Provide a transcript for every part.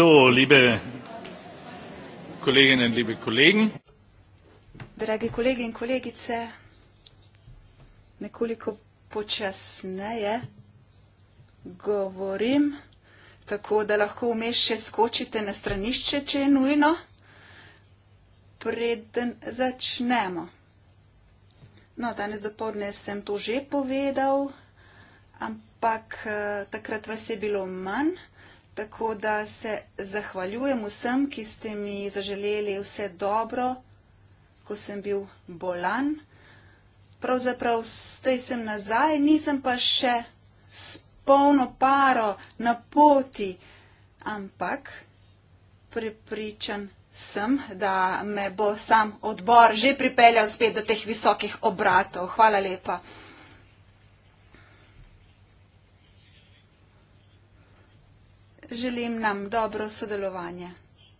So, liebe Kolleginnen, liebe Kollegen. Dragi kolegi in kolegice, nekoliko počasneje govorim, tako da lahko vmes še skočite na stranišče, če je nujno, preden začnemo. No, danes dopoledne sem to že povedal, ampak eh, takrat vas je bilo manj. Tako da se zahvaljujem vsem, ki ste mi zaželeli vse dobro, ko sem bil bolan. Pravzaprav zdaj sem nazaj, nisem pa še s polno paro na poti, ampak prepričan sem, da me bo sam odbor že pripeljal spet do teh visokih obratov. Hvala lepa. želim nam dobro sodelovanje.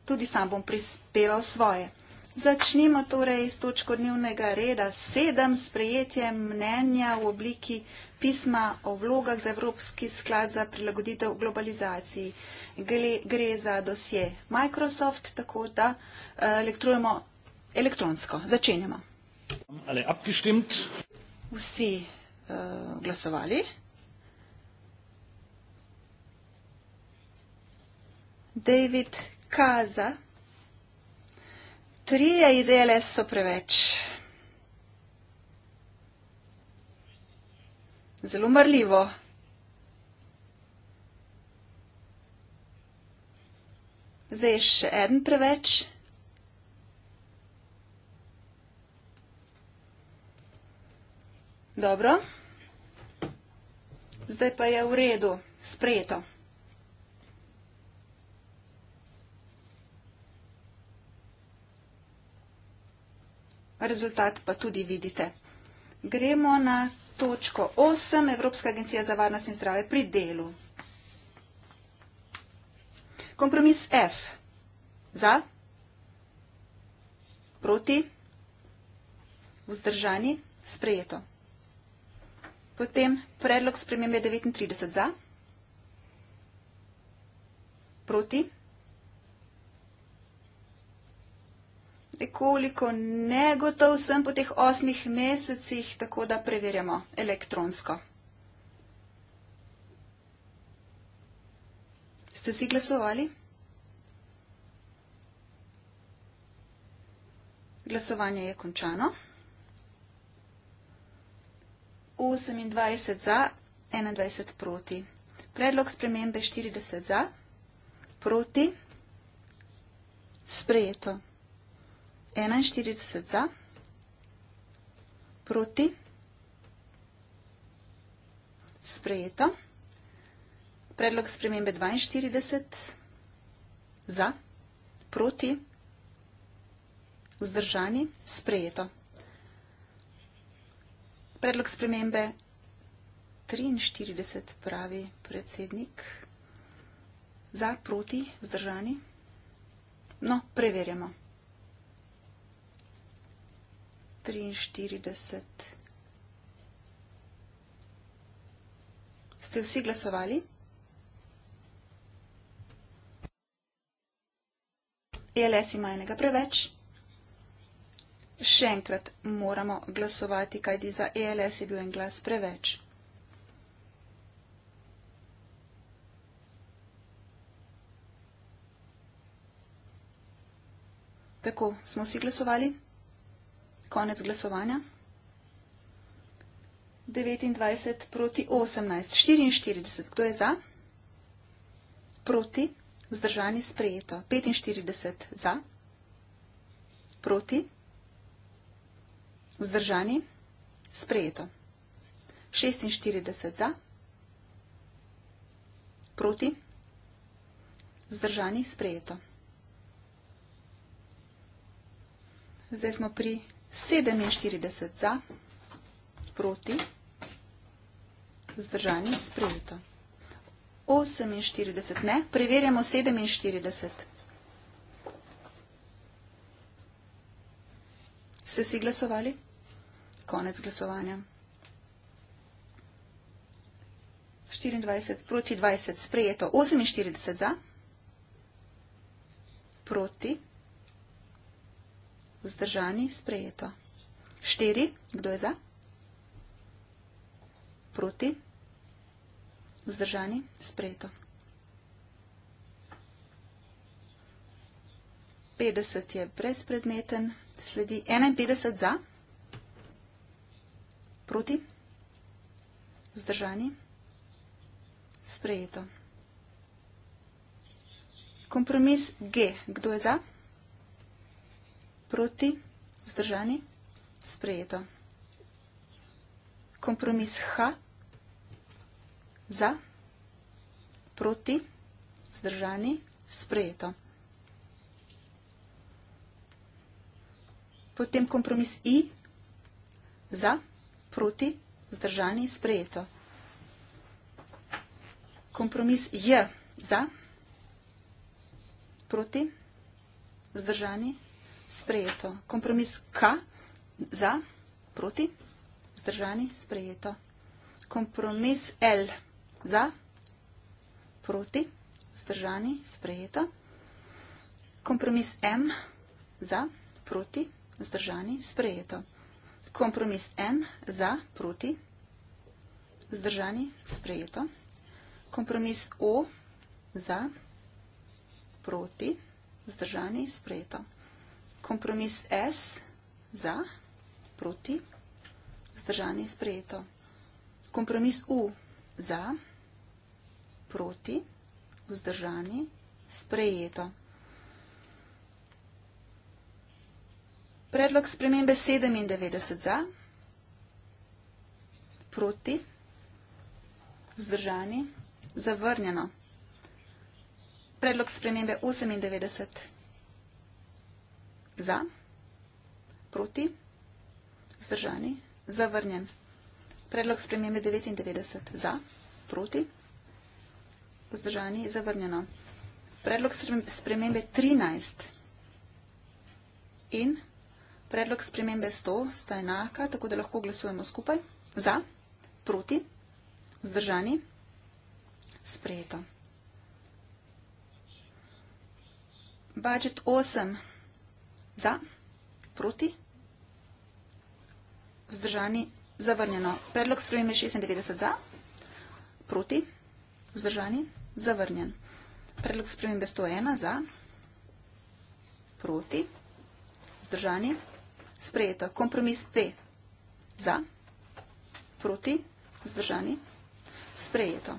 Tudi sam bom prispeval svoje. Začnimo torej s točko dnevnega reda sedem sprejetje mnenja v obliki pisma o vlogah za Evropski sklad za prilagoditev globalizaciji. Gle, gre za dosje Microsoft, tako da eh, elektrujemo elektronsko. Začenjamo. Vsi uh, glasovali? David Kaza. Trije iz e LS so preveč. Zelo mrljivo. Zdaj je še en preveč. Dobro. Zdaj pa je v redu. Sprejeto. rezultat pa tudi vidite. Gremo na točko 8, Evropska agencija za varnost in zdrave pri delu. Kompromis F. Za? Proti? Vzdržani? Sprejeto. Potem predlog spremembe 39 za? Proti? nekoliko negotov sem po teh osmih mesecih, tako da preverjamo elektronsko. Ste vsi glasovali? Glasovanje je končano. 28 za, 21 proti. Predlog spremembe 40 za, proti, sprejeto. 41 za, proti, sprejeto, predlog spremembe 42 za, proti, vzdržani, sprejeto. Predlog spremembe 43 pravi predsednik za, proti, vzdržani. No, preverjamo. 43. Ste vsi glasovali? Je les ima enega preveč? Še enkrat moramo glasovati, kajdi za ELS je bil en glas preveč. Tako, smo si glasovali? Konec glasovanja. 29 proti 18. 44. Kdo je za? Proti. Vzdržani sprejeto. 45 za. Proti. Vzdržani sprejeto. 46 za. Proti. Vzdržani sprejeto. Zdaj smo pri 47 za, proti, vzdržani, sprejeto. 48 ne, preverjamo 47. Ste si glasovali? Konec glasovanja. 24 proti 20, sprejeto. 48 za, proti, vzdržani, sprejeto. Vzdržani, sprejeto. Štiri, kdo je za? Proti. Vzdržani, sprejeto. 50 je brezpredmeten, sledi 51 za, proti, vzdržani, sprejeto. Kompromis G, kdo je za? proti, vzdržani, sprejeto. Kompromis H, za, proti, vzdržani, sprejeto. Potem kompromis I, za, proti, vzdržani, sprejeto. Kompromis J, za, proti, vzdržani, sprejeto sprejeto. Kompromis K za, proti, vzdržani, sprejeto. Kompromis L za, proti, vzdržani, sprejeto. Kompromis M za, proti, vzdržani, sprejeto. Kompromis N za, proti, vzdržani, sprejeto. Kompromis O za, proti, vzdržani, sprejeto kompromis S za, proti, vzdržanje in sprejeto. Kompromis U za, proti, vzdržanje, sprejeto. Predlog spremembe 97 za, proti, vzdržanje, zavrnjeno. Predlog spremembe 98 za, za, proti, vzdržani, zavrnjen. Predlog spremembe 99 za, proti, vzdržani, zavrnjeno. Predlog spremembe 13 in predlog spremembe 100 sta enaka, tako da lahko glasujemo skupaj. Za, proti, vzdržani, sprejeto. Budget 8. Awesome. Za, proti, vzdržani, zavrnjeno. Predlog sprejem je 96 za, proti, vzdržani, zavrnjen. Predlog sprejem je 101 za, proti, vzdržani, sprejeto. Kompromis P za, proti, vzdržani, sprejeto.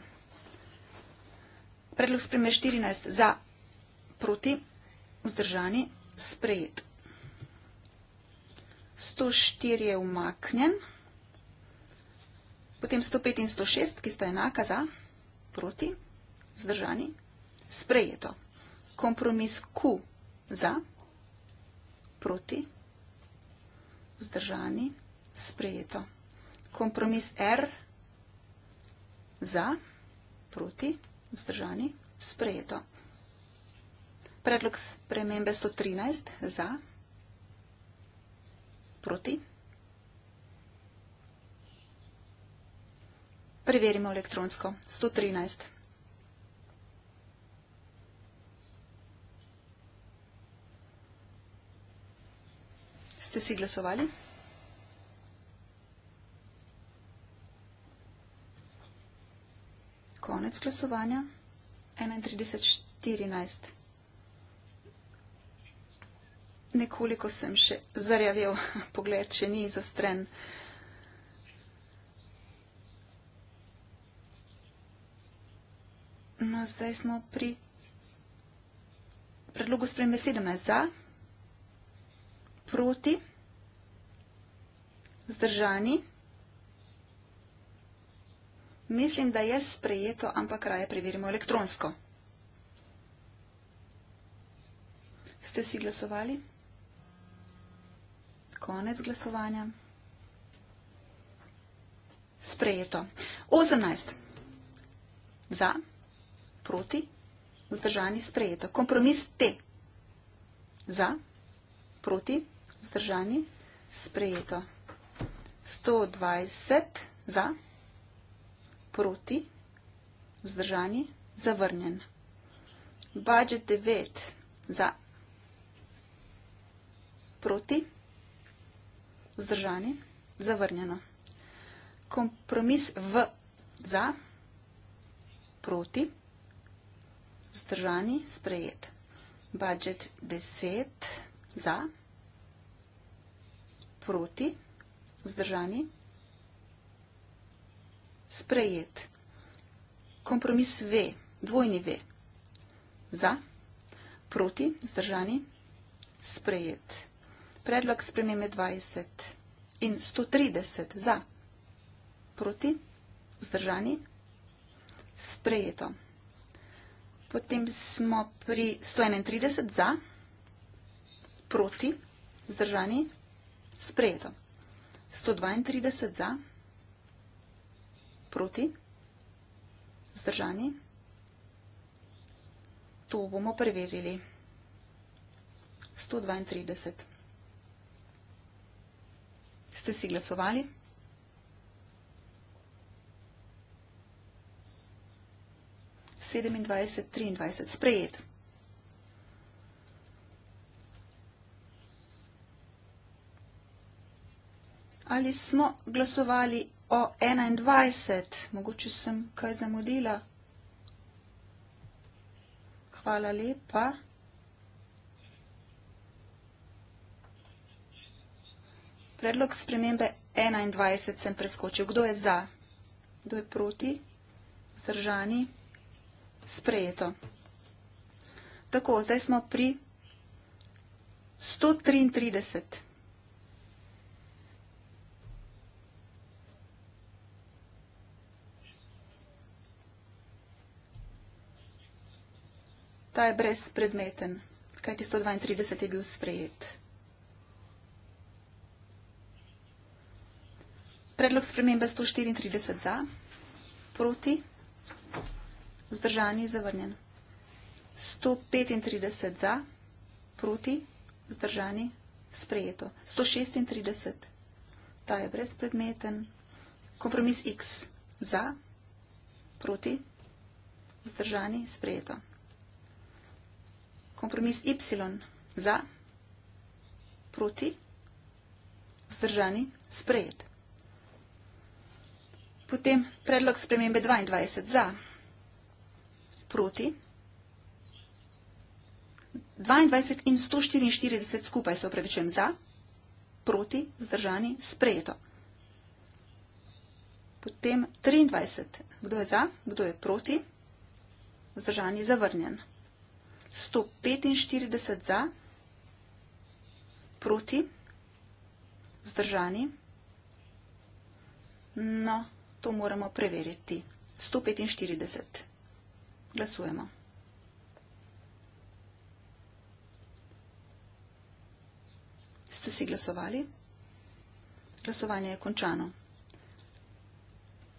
Predlog sprejem je 14 za, proti, vzdržani, sprejeto. 104 je umaknjen, potem 105 in 106, ki sta enaka za, proti, zdržani, sprejeto. Kompromis Q za, proti, zdržani, sprejeto. Kompromis R za, proti, zdržani, sprejeto. Predlog spremembe 113 za, proti, zdržani, sprejeto. Proti. Preverimo elektronsko. 113. Ste si glasovali? Konec glasovanja. 31.14 nekoliko sem še zarjavel, pogled še ni izostren. No, zdaj smo pri predlogu spremembe 17 za, proti, vzdržani. Mislim, da je sprejeto, ampak raje preverimo elektronsko. Ste vsi glasovali? Konec glasovanja. Sprejeto. 18. Za, proti, vzdržani, sprejeto. Kompromis te. Za, proti, vzdržani, sprejeto. 120 za, proti, vzdržani, zavrnjen. Budget 9 za, proti, vzdržani vzdržani, zavrnjeno. Kompromis v za, proti, vzdržani, sprejet. Budget 10 za, proti, vzdržani, sprejet. Kompromis V, dvojni V, za, proti, vzdržani, sprejet. Sprejet. Predlog spremembe 20 in 130 za, proti, zdržani, sprejeto. Potem smo pri 131 za, proti, zdržani, sprejeto. 132 za, proti, zdržani. To bomo preverili. 132. Ste si glasovali? Sedemindvajset, triindvajset, sprejet. Ali smo glasovali o enaindvajset? Mogoče sem kaj zamudila. Hvala lepa. Predlog spremembe 21 sem preskočil. Kdo je za? Kdo je proti? Zdržani? Sprejeto. Tako, zdaj smo pri 133. Ta je brez predmeten, kajti 132 je bil sprejet. Predlog spremembe 134 za, proti, vzdržani, zavrnjen. 135 za, proti, vzdržani, sprejeto. 136, ta je brezpredmeten. Kompromis X za, proti, vzdržani, sprejeto. Kompromis Y za, proti, vzdržani, sprejeto. Potem predlog spremembe 22 za, proti, 22 in 144 skupaj se upravičujem za, proti, vzdržani, sprejeto. Potem 23, kdo je za, kdo je proti, vzdržani, zavrnjen. 145 za, proti, vzdržani, no, vzdržani to moramo preveriti. 145. Glasujemo. Ste si glasovali? Glasovanje je končano.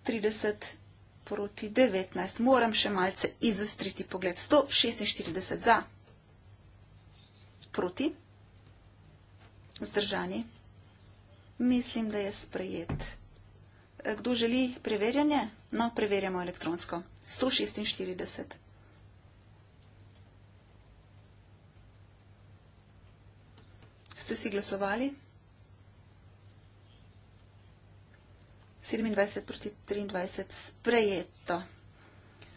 30 proti 19. Moram še malce izostriti pogled. 146 za. Proti. Vzdržani. Mislim, da je sprejet. Eh, kdo želi preverjanje, no, preverjamo elektronsko. 146. Ste si glasovali? 27 proti 23, sprejeto.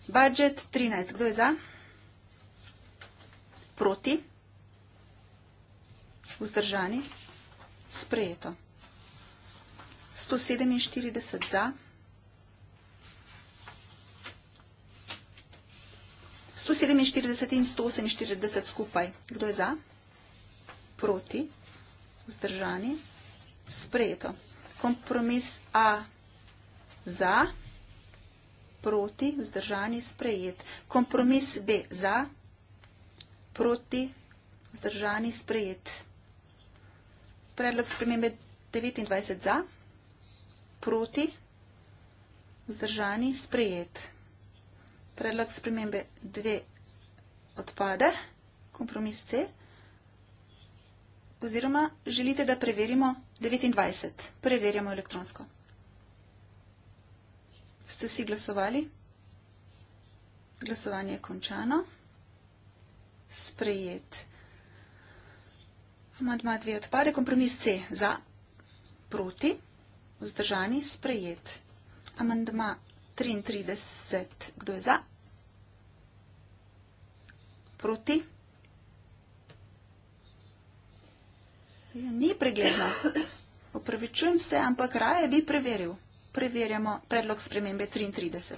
Budget 13, kdo je za? Proti? Vzdržani? Sprejeto. 147 za, 147 in 148 skupaj. Kdo je za? Proti? Vzdržani? Sprejeto. Kompromis A za, proti, vzdržani, sprejet. Kompromis B za, proti, vzdržani, sprejet. Predlog spremembe 29 za proti, vzdržani, sprejet. Predlog spremembe dve odpade, kompromis C, oziroma želite, da preverimo 29, preverjamo elektronsko. Ste vsi glasovali? Glasovanje je končano. Sprejet. Amadma dve odpade, kompromis C za proti. Vzdržani sprejet. Amandma 33. Kdo je za? Proti? Ja, ni pregledno. Opravičujem se, ampak raje bi preveril. Preverjamo predlog spremembe 33.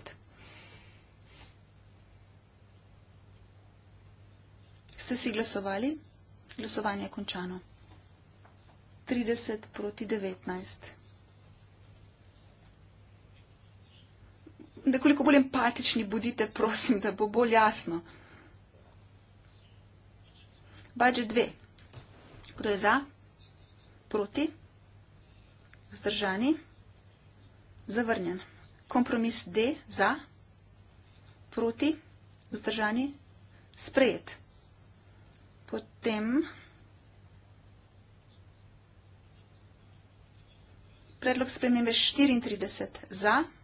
Ste si glasovali? Glasovanje je končano. 30 proti 19. 19. nekoliko bolj empatični bodite, prosim, da bo bolj jasno. Bađe dve. Kdo je za? Proti? Zdržani? Zavrnjen. Kompromis D. Za? Proti? Zdržani? Sprejet. Potem predlog spremembe 34. Za? Zdržani?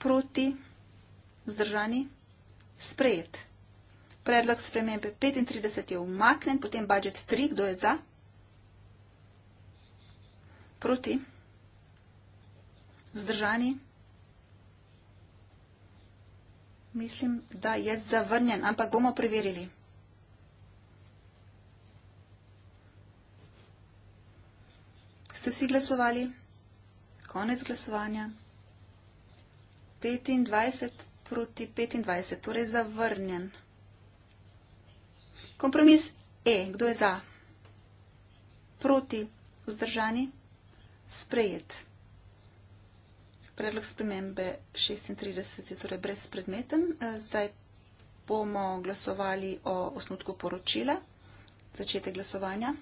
proti, vzdržani, sprejet. Predlog spremembe 35 je umaknen, potem budžet 3, kdo je za? Proti, vzdržani. Mislim, da je zavrnjen, ampak bomo preverili. Ste vsi glasovali? Konec glasovanja. 25 proti 25, torej zavrnjen. Kompromis E, kdo je za? Proti vzdržani, sprejet. Predlog spremembe 36 je torej brezpredmeten. E, zdaj bomo glasovali o osnutku poročila. Začete glasovanja.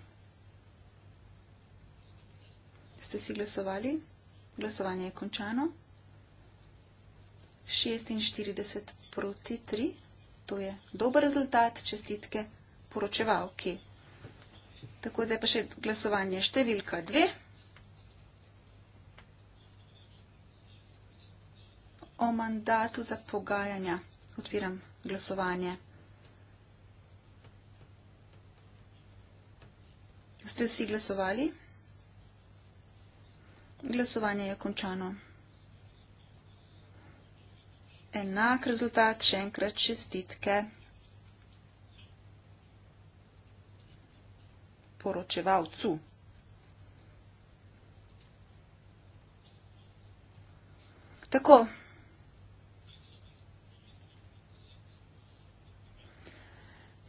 Ste si glasovali? Glasovanje je končano. 46 proti 3. To je dober rezultat, čestitke poročevalki. Tako, zdaj pa še glasovanje številka 2. O mandatu za pogajanja odpiram glasovanje. Ste vsi glasovali? Glasovanje je končano. Enak rezultat, še enkrat čestitke. Poročevalcu. Tako.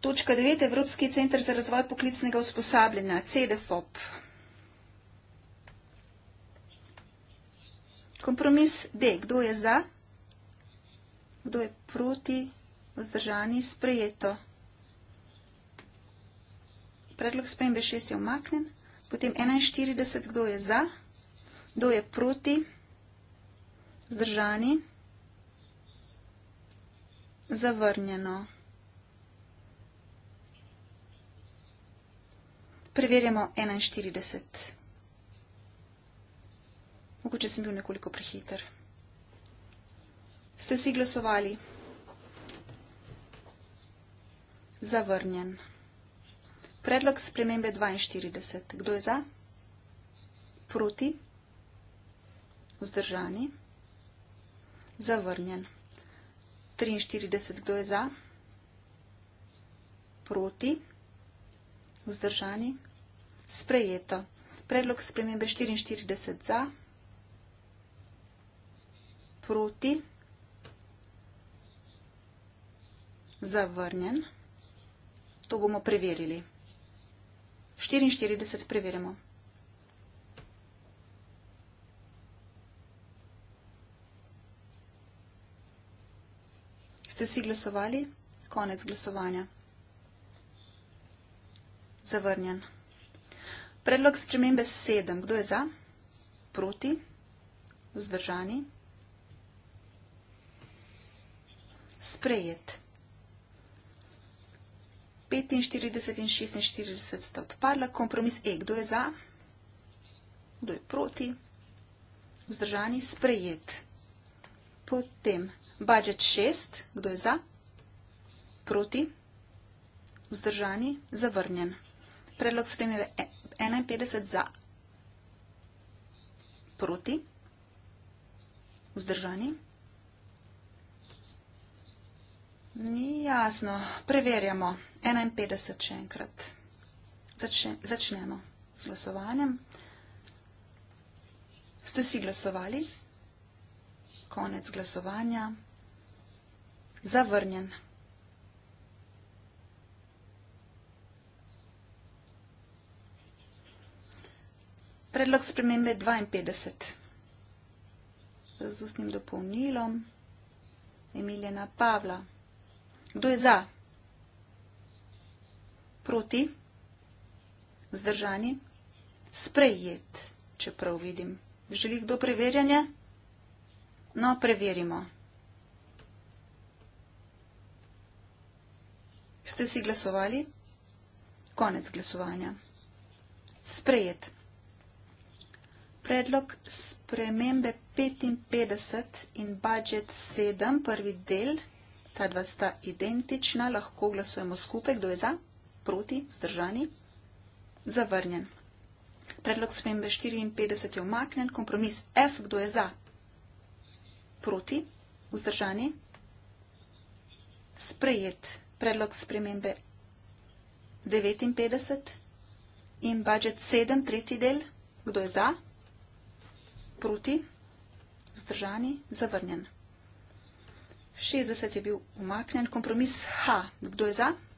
Točka 9. Evropski centr za razvoj poklicnega usposabljanja, CDFOP. Kompromis D. Kdo je za? Kdo je proti? Vzdržani sprejeto. Predlog spremembe 6 je omaknen. Potem 41, kdo je za, kdo je proti, zdržani, zavrnjeno. Preverjamo 41. Mogoče sem bil nekoliko prehiter. Ste vsi glasovali? Zavrnjen. Predlog spremembe 42. Kdo je za? Proti? Vzdržani? Zavrnjen. 43. Kdo je za? Proti? Vzdržani? Sprejeto. Predlog spremembe 44 za? Proti? Vzdržani? zavrnjen. To bomo preverili. 44 preverimo. Ste vsi glasovali? Konec glasovanja. Zavrnjen. Predlog spremembe 7. Kdo je za? Proti? Vzdržani? Sprejet. 45 in 46 sta odparla. Kompromis E, kdo je za, kdo je proti, vzdržani, sprejet. Potem budžet 6, kdo je za, proti, vzdržani, zavrnjen. Predlog spremljive 51 e, za, proti, vzdržani. Ni jasno, preverjamo. 51 še enkrat. Začne, začnemo s glasovanjem. Ste si glasovali? Konec glasovanja. Zavrnjen. Predlog spremembe 52. Z ustnim dopolnilom Emiljena Pavla. Kdo je za? proti, zdržani, sprejet, če prav vidim. Želi kdo preverjanje? No, preverimo. Ste vsi glasovali? Konec glasovanja. Sprejet. Predlog spremembe 55 in budget 7, prvi del, ta dva sta identična, lahko glasujemo skupaj, kdo je za? proti, vzdržani, zavrnjen. Predlog spremembe 54 je omaknen, kompromis F, kdo je za, proti, vzdržani, sprejet. Predlog spremembe 59 in budžet 7, tretji del, kdo je za, proti, vzdržani, zavrnjen. 60 je bil umaknen, kompromis H, kdo je za, proti, vzdržani, zavrnjen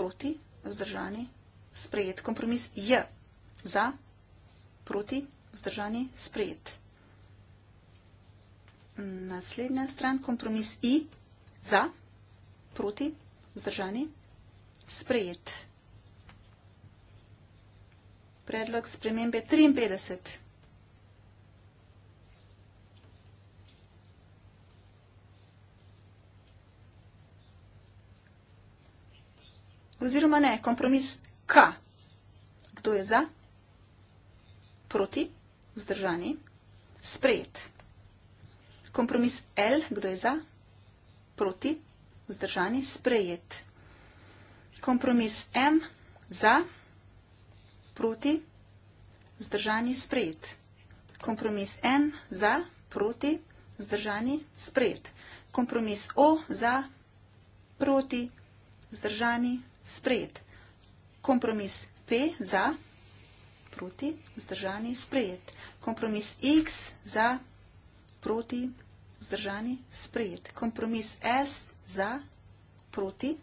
proti, vzdržani, sprejet. Kompromis J, za, proti, vzdržani, sprejet. Naslednja stran, kompromis I, za, proti, vzdržani, sprejet. Predlog spremembe 53. oziroma ne, kompromis K. Kdo je za? Proti? Zdržani? Sprejet. Kompromis L. Kdo je za? Proti? Zdržani? Sprejet. Kompromis M. Za? Proti? Zdržani? Sprejet. Kompromis N. Za? Proti? Zdržani? Sprejet. Kompromis O. Za? Proti? Zdržani? Sprejet sprejet. Kompromis P za, proti, vzdržani, sprejet. Kompromis X za, proti, vzdržani, sprejet. Kompromis S za, proti,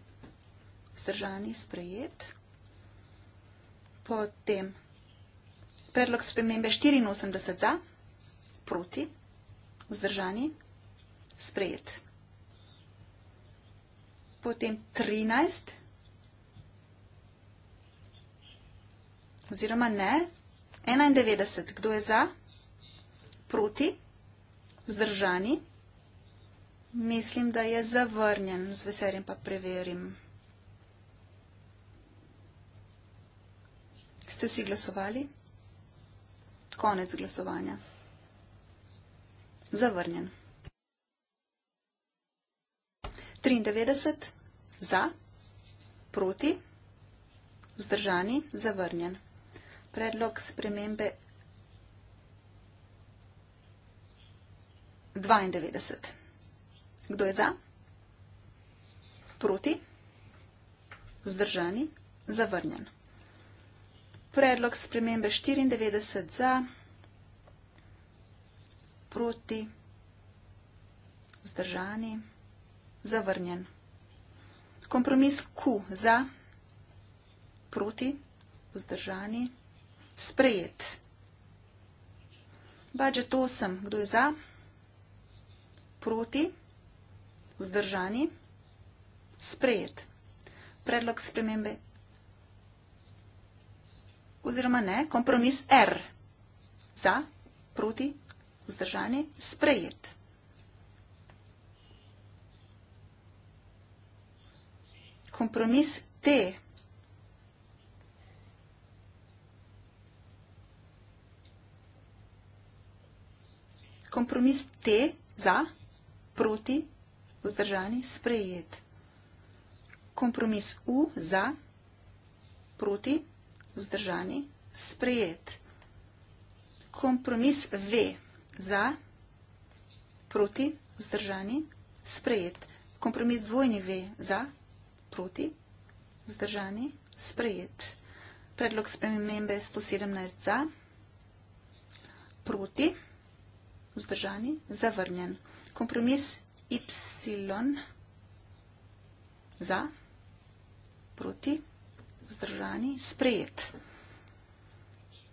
vzdržani, sprejet. Potem predlog spremembe 84 za, proti, vzdržani, sprejet. Potem 13 za, oziroma ne. 91, kdo je za? Proti? Zdržani? Mislim, da je zavrnjen. Z veseljem pa preverim. Ste si glasovali? Konec glasovanja. Zavrnjen. 93 za, proti, vzdržani, zavrnjen predlog spremembe 92. Kdo je za? Proti? Zdržani? Zavrnjen. Predlog spremembe 94 za, proti, vzdržani, zavrnjen. Kompromis Q za, proti, vzdržani, zavrnjen sprejet. Budžet 8. Kdo je za? Proti? Vzdržani? Sprejet. Predlog spremembe? Oziroma ne, kompromis R. Za? Proti? Vzdržani? Sprejet. Kompromis T. Sprejet. kompromis te za, proti, vzdržani, sprejet. Kompromis u za, proti, vzdržani, sprejet. Kompromis v za, proti, vzdržani, sprejet. Kompromis dvojni v za, proti, vzdržani, sprejet. Predlog spremembe 117 za, proti, vzdržani, sprejet vzdržani, zavrnjen. Kompromis y za, proti, vzdržani, sprejet.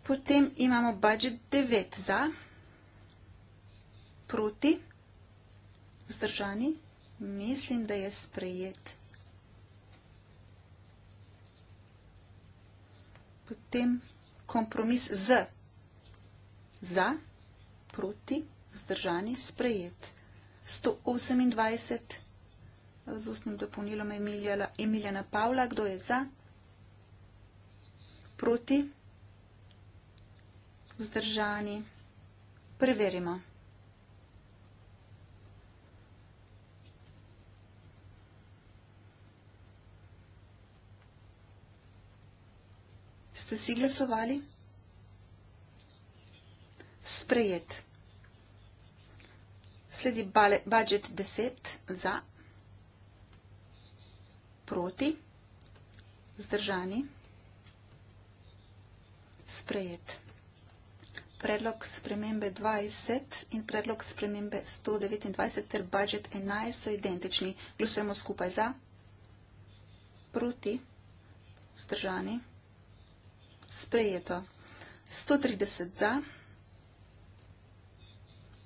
Potem imamo budget 9 za, proti, vzdržani, mislim, da je sprejet. Potem kompromis z, za, proti, vzdržani vzdržani, sprejet. 128 z ustnim dopolnilom Emiljana, Emiljana Pavla, kdo je za, proti, vzdržani. Preverimo. Ste si glasovali? Sprejet. Sledi budget 10 za proti, zdržani, sprejet. Predlog spremembe 20 in predlog spremembe 129 ter budget 11 so identični. Glasujemo skupaj za, proti, zdržani, sprejeto. 130 za,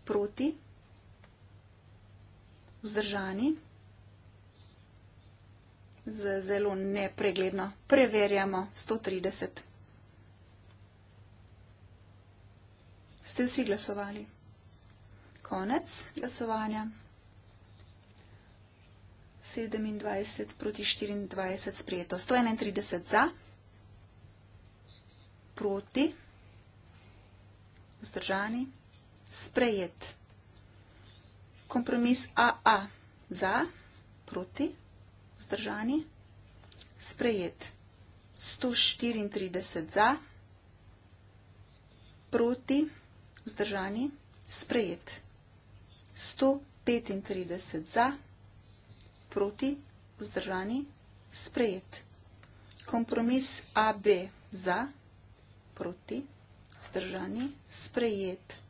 proti, zdržani vzdržani, z zelo nepregledno preverjamo 130. Ste vsi glasovali? Konec glasovanja. 27 proti 24 sprejeto. 131 za, proti, vzdržani, sprejet kompromis AA za, proti, zdržani, sprejet. 134 za, proti, zdržani, sprejet. 135 za, proti, vzdržani, sprejet. Kompromis AB za, proti, vzdržani, sprejet.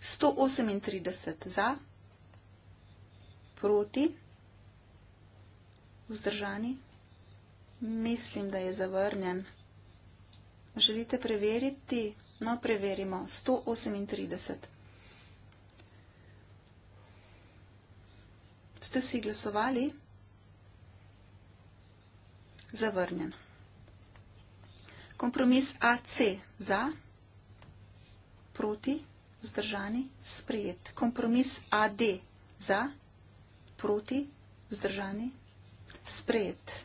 138 za, proti, vzdržani, sprejet proti, vzdržani, mislim, da je zavrnjen. Želite preveriti? No, preverimo. 138. Ste si glasovali? Zavrnjen. Kompromis AC za, proti, vzdržani, sprejet. Kompromis AD za, proti, vzdržani, sprejet.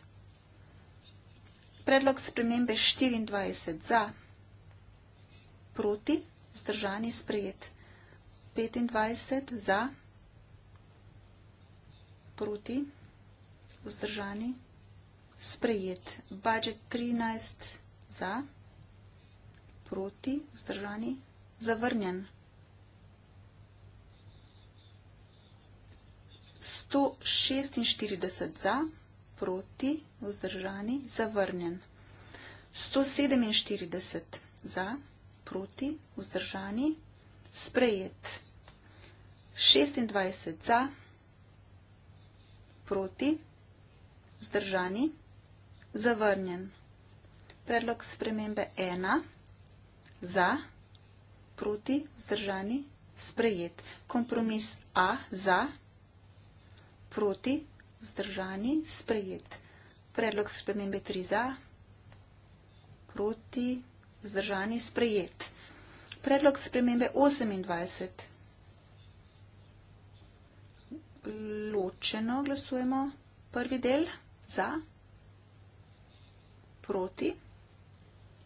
Predlog spremembe 24 za, proti, vzdržani, sprejet. 25 za, proti, vzdržani, sprejet. Budget 13 za, proti, vzdržani, zavrnjen. 146 za, proti, vzdržani, zavrnjen. 147 za, proti, vzdržani, sprejet. 26 za, proti, vzdržani, zavrnjen. Predlog spremembe 1 za, proti, vzdržani, sprejet. Kompromis A za, proti, vzdržani, sprejet proti, vzdržani, sprejet. Predlog spremembe 3 za, proti, vzdržani, sprejet. Predlog spremembe 28. Ločeno glasujemo prvi del za, proti,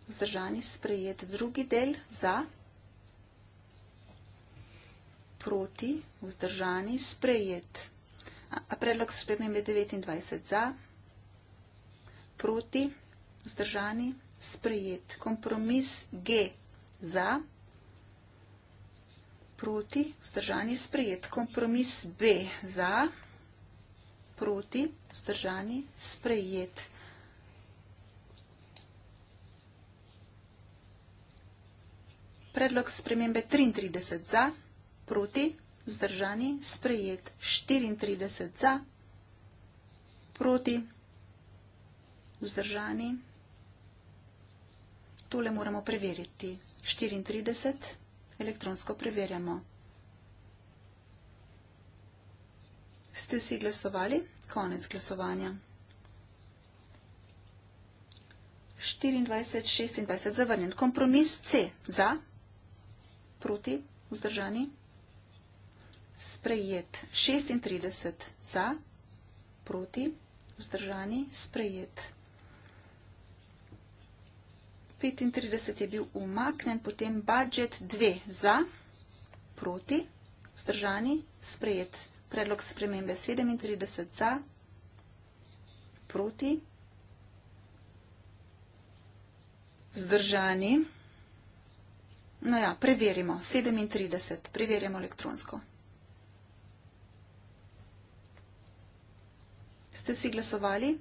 vzdržani, sprejet. Drugi del za, proti, vzdržani, sprejet. Predlog sprednjem je 29 za, proti, zdržani, sprejet. Kompromis G za, proti, zdržani, sprejet. Kompromis B za, proti, zdržani, sprejet. Predlog spremembe 33 za, proti, zdržani zdržani, sprejet 34 za, proti, zdržani, tole moramo preveriti, 34, elektronsko preverjamo. Ste si glasovali? Konec glasovanja. 24, 26, zavrnjen. Kompromis C, za, proti, vzdržani, vzdržani sprejet 36 za, proti, vzdržani, sprejet. 35 je bil umaknen, potem budget 2 za, proti, vzdržani, sprejet. Predlog spremembe 37 za, proti, vzdržani. No ja, preverimo, 37, preverjamo elektronsko. Ste si glasovali?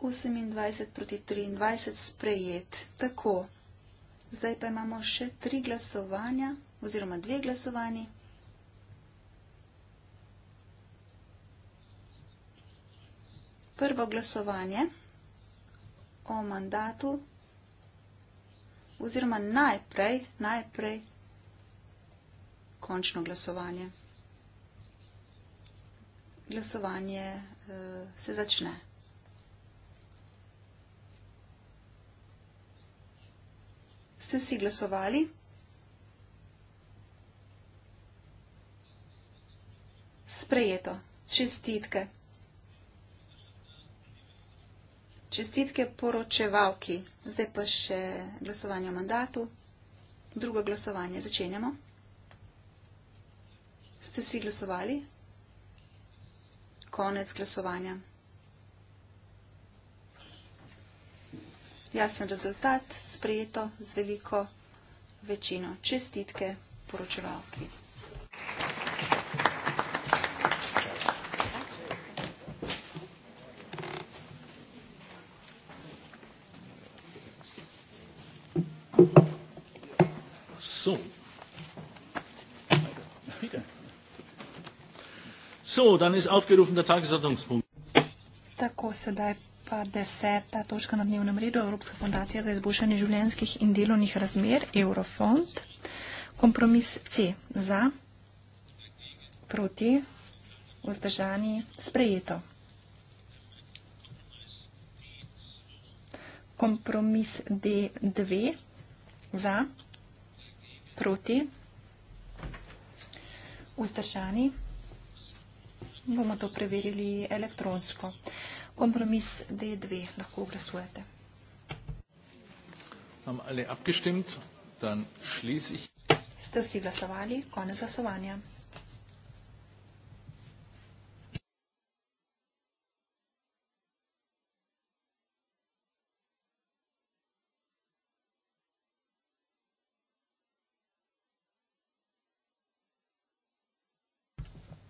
28 proti 23 sprejet. Tako. Zdaj pa imamo še tri glasovanja oziroma dve glasovanji. Prvo glasovanje o mandatu oziroma najprej, najprej končno glasovanje glasovanje eh, se začne. Ste vsi glasovali? Sprejeto. Čestitke. Čestitke poročevalki. Zdaj pa še glasovanje o mandatu. Drugo glasovanje. Začenjamo. Ste vsi glasovali? Sprejeto konec glasovanja. Jasen rezultat, sprejeto z veliko večino. Čestitke poročevalki. So, danes aufgerufen der Tagesordnungspunkt. Tako sedaj pa deseta točka na dnevnem redu Evropska fondacija za izboljšanje življenjskih in delovnih razmer, Eurofond. Kompromis C za, proti, vzdržani, sprejeto. Kompromis D2 za, proti, vzdržani, sprejeto bomo to preverili elektronsko. Kompromis D2 lahko glasujete. Ste vsi glasovali? Konec glasovanja.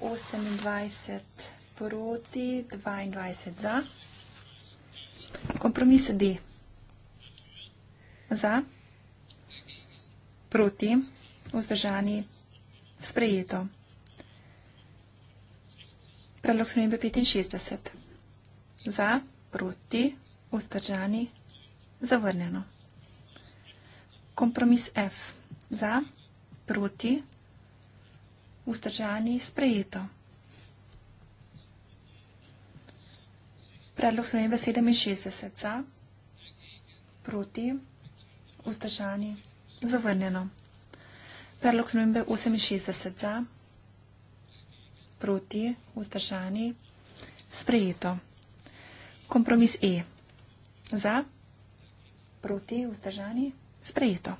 28 proti, 22 za. Kompromise D. Za, proti, vzdržani, sprejeto. Predlog spremembe 65. Za, proti, vzdržani, zavrnjeno. Kompromis F. Za, proti, vzdržani sprejeto. Predlog spremembe 67 za, proti, vzdržani, zavrnjeno. Predlog spremembe 68 za, proti, vzdržani, sprejeto. Kompromis E za, proti, vzdržani, sprejeto.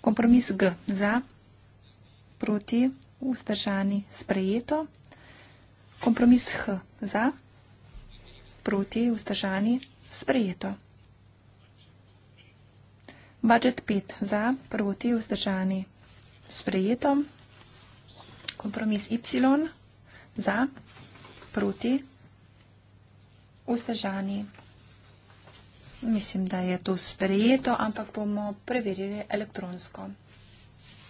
Kompromis G za, proti, vzdržani, sprejeto proti, vzdržani, sprejeto. Kompromis H za, proti, vzdržani, sprejeto. Budget 5 za, proti, vzdržani, sprejeto. Kompromis Y za, proti, vzdržani. Mislim, da je to sprejeto, ampak bomo preverili elektronsko.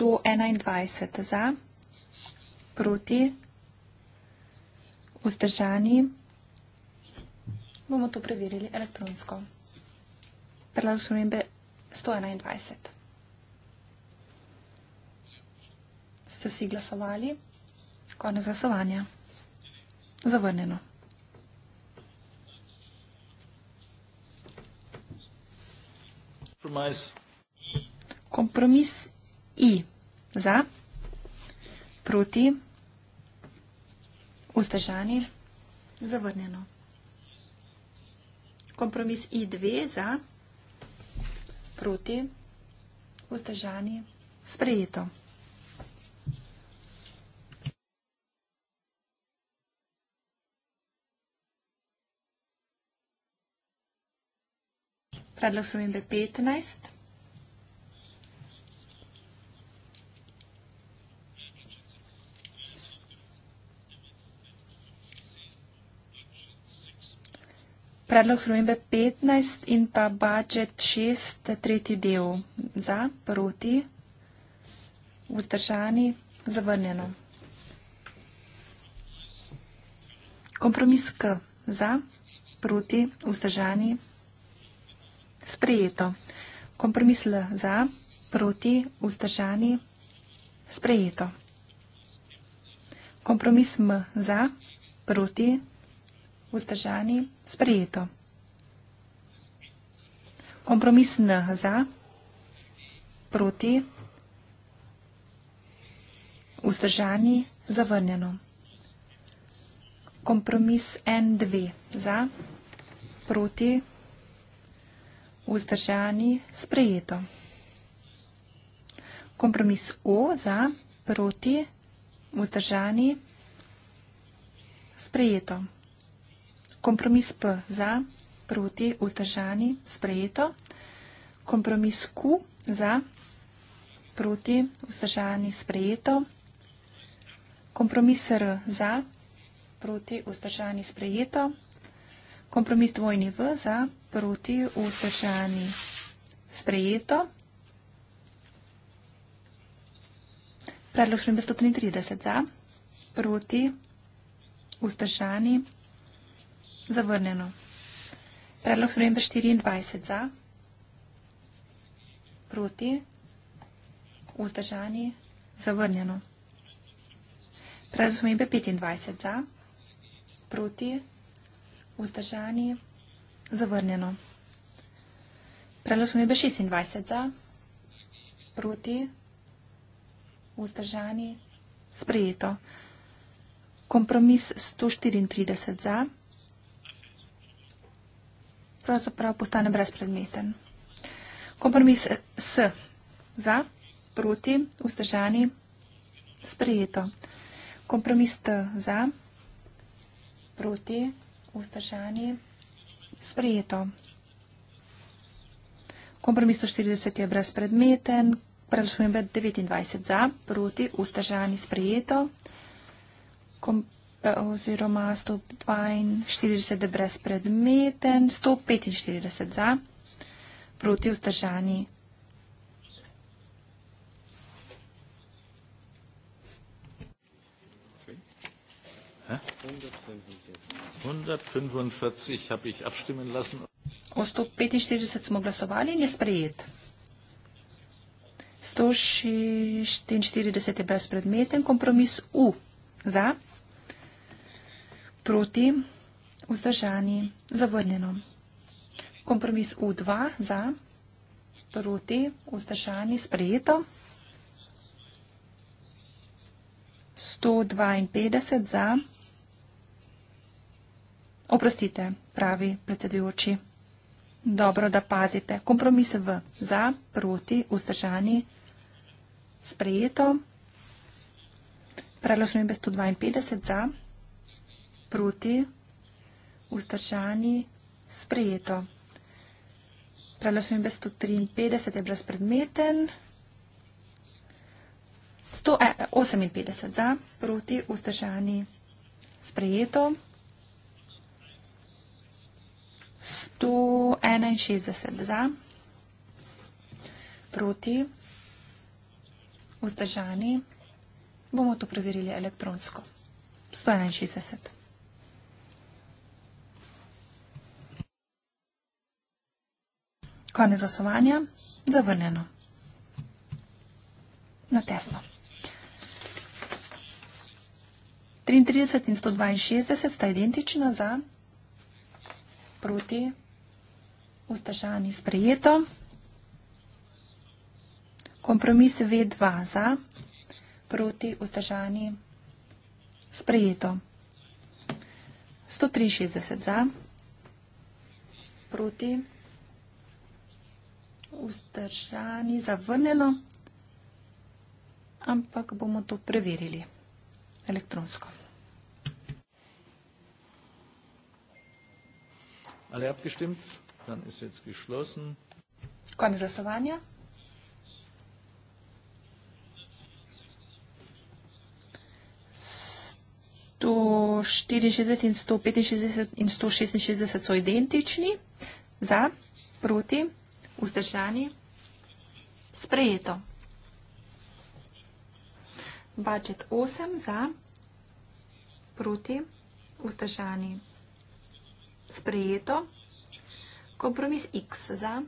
121 za, proti, vzdržani. Bomo to preverili elektronsko. Predlagam spremembe 121. Ste vsi glasovali? Konec glasovanja. Zavrnjeno. Kompromis. Kompromis. I za, proti, vzdržani, zavrnjeno. Kompromis I2 za, proti, vzdržani, sprejeto. Predlog spremembe 15. Predlog spremembe 15 in pa budžet 6, tretji del. Za, proti, vzdržani, zavrnjeno. Kompromis K. Za, proti, vzdržani, sprejeto. Kompromis L. Za, proti, vzdržani, sprejeto. Kompromis M. Za, proti, vzdržani vzdržani, sprejeto. Kompromis NHZA proti vzdržani, zavrnjeno. Kompromis N2 za proti vzdržani, sprejeto. Kompromis O za proti vzdržani, sprejeto. Kompromis P za, proti, vzdržani, sprejeto. Kompromis Q za, proti, vzdržani, sprejeto. Kompromis R za, proti, vzdržani, sprejeto. Kompromis dvojni V za, proti, vzdržani, sprejeto. Predlog 133 za, proti, vzdržani, sprejeto. Zavrnjeno. Predlog spremembe 24 za, proti, vzdržani, zavrnjeno. Predlog spremembe 25 za, proti, vzdržani, zavrnjeno. Predlog spremembe 26 za, proti, vzdržani, sprejeto. Kompromis 134 za, proti, vzdržani, sprejeto pravzaprav postane brezpredmeten. Kompromis S. Za, proti, vzdržani, sprejeto. Kompromis T. Za, proti, vzdržani, sprejeto. Kompromis 140 je brezpredmeten. Prelašujem 29 za, proti, vzdržani, sprejeto. Kompromis oziroma 142 brez predmeten, 145 za, proti vzdržani. O 145 smo glasovali in je sprejet. 144 je brez predmeten, kompromis U za proti, vzdržani, zavrnjeno. Kompromis U2 za, proti, vzdržani, sprejeto. 152 za, oprostite, pravi predsedujoči. Dobro, da pazite. Kompromis V za, proti, vzdržani, sprejeto. Predlog smo imeli 152 za proti, vzdržani, sprejeto. Predlog spremembe 153 je brezpredmeten, 158 eh, za, proti, vzdržani, sprejeto, 161 za, proti, vzdržani, bomo to preverili elektronsko, 161. Konec zasovanja. Zavrnjeno. Na tesno. 33 in 162 sta identična za proti vzdržani sprejeto. Kompromis V2 za proti vzdržani sprejeto. 163 za proti vzdržani sprejeto vzdržani, zavrnjeno, ampak bomo to preverili elektronsko. Alle abgestimmt, dann ist jetzt geschlossen. Konec glasovanja. To 64 in 165 in 166 so identični, za, proti. Vzdržanje. Sprejeto. Budget 8 za. Proti. Vzdržanje. Sprejeto. Kompromis X za.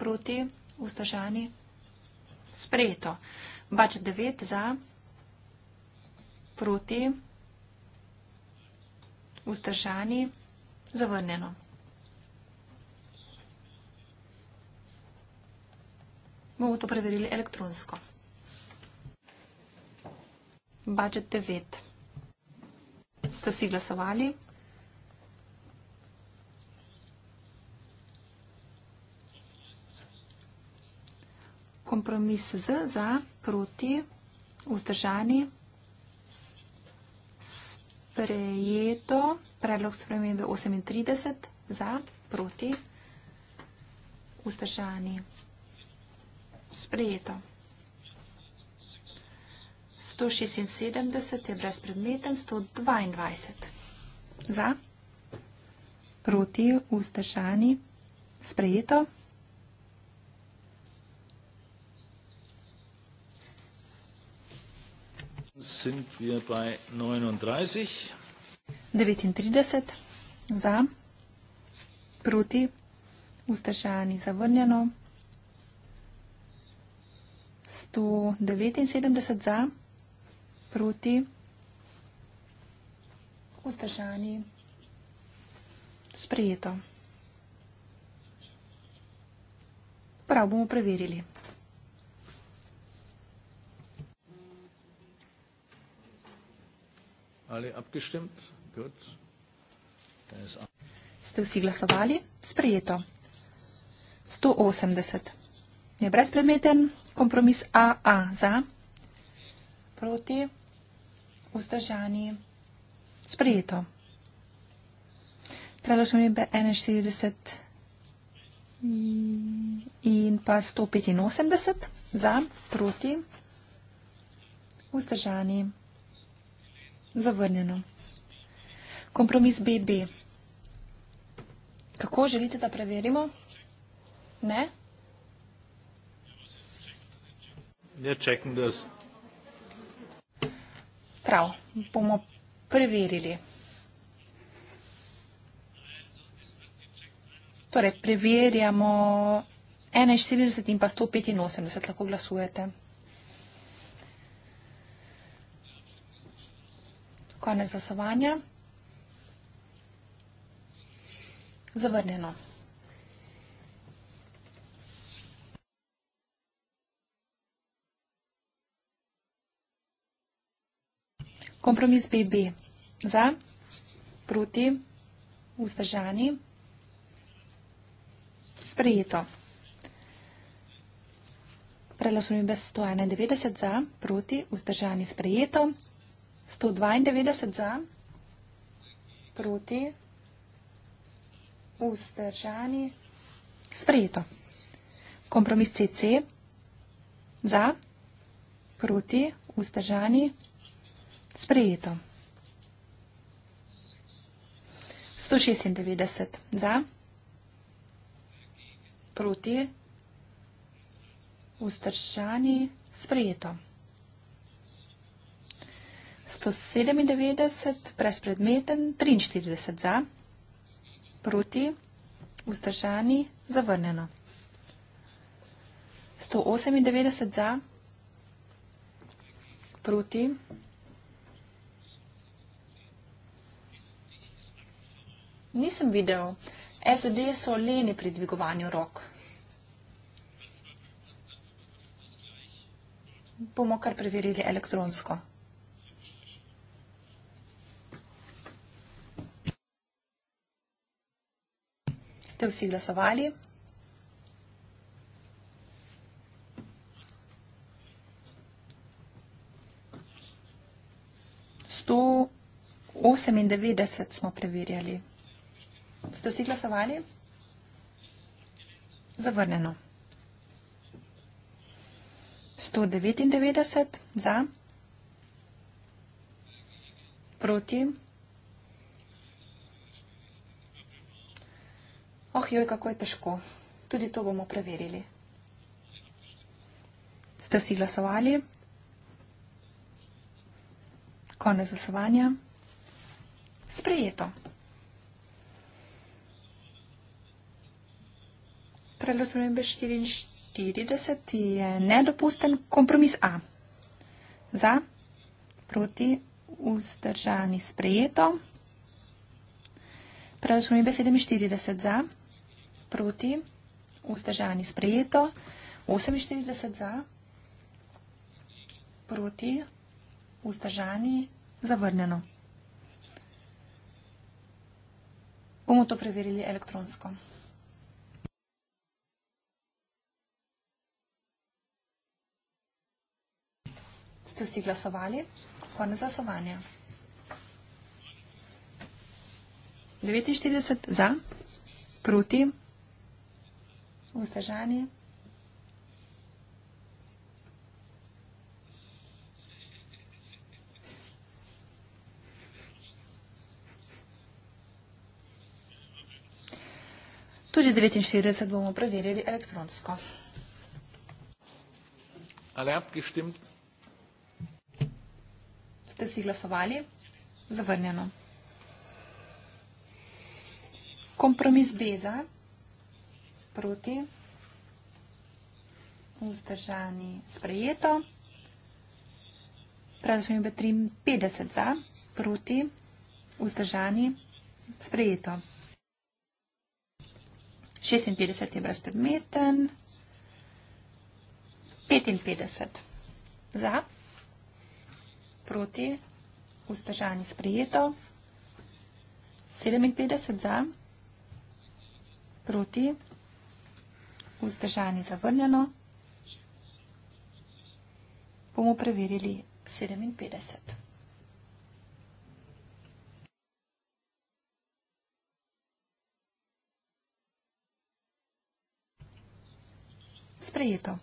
Proti. Vzdržanje. Sprejeto. Budget 9 za. Proti. Vzdržanje. Zavrnjeno. Bomo to preverili elektronsko. Budget 9. Ste si glasovali? Kompromis z, za, proti, vzdržani, sprejeto, predlog spremembe 38, za, proti, vzdržani, sprejeto sprejeto. 176 je brezpredmeten, 122 za, proti, vzdržani, sprejeto. Sind wir bei 39. 39 za, proti, vzdržani, zavrnjeno. 179 za, proti, vzdržani. Sprejeto. Prav bomo preverili. Ali abgestimt? Gut. Ste vsi glasovali? Sprejeto. 180 je brezpredmeten, kompromis AA za, proti, vzdržani, sprejeto. Predložimo imbe 41 in pa 185 za, proti, vzdržani, zavrnjeno. Kompromis BB. Kako želite, da preverimo? Ne? Prav, bomo preverili. Torej, preverjamo 41 in pa 185, lahko glasujete. Konec zasovanja. Zavrnjeno. Kompromis BB. Za, proti, vzdržani. Sprejeto. Predlažem imbe 191 za, proti, vzdržani, sprejeto. 192 za, proti, vzdržani, sprejeto. Kompromis CC. Za, proti, vzdržani, sprejeto. Sprejeto. 196 za, proti, ustršani, sprejeto. 197, brezpredmeten, 43 za, proti, ustršani, zavrneno. 198 za, proti, ustršani. nisem videl. SD so leni pri dvigovanju rok. Bomo kar preverili elektronsko. Ste vsi glasovali? Sto osemindevetdeset smo preverjali. Ste vsi glasovali? Zavrnjeno. 199 za. Proti. Oh, joj, kako je težko. Tudi to bomo preverili. Ste vsi glasovali? Konec glasovanja. Sprejeto. predlog spremembe 44 je nedopusten kompromis A. Za, proti, vzdržani, sprejeto. Predlog spremembe 47 za, proti, vzdržani, sprejeto. 48 za, proti, vzdržani, zavrnjeno. Bomo to preverili elektronsko. Ste vsi glasovali? Konec glasovanja. 49 za, proti, vzdržani. Tudi 49 bomo preverili elektronsko. Alert gestimmt. Ste vsi glasovali? Zavrnjeno. Kompromis B za, proti, vzdržani sprejeto. Predlažem B53 za, proti, vzdržani sprejeto. 56 je brezpredmeten. 55 za proti, vzdržani sprejeto, 57 za, proti, vzdržani zavrnjeno, bomo preverili 57. Sprejeto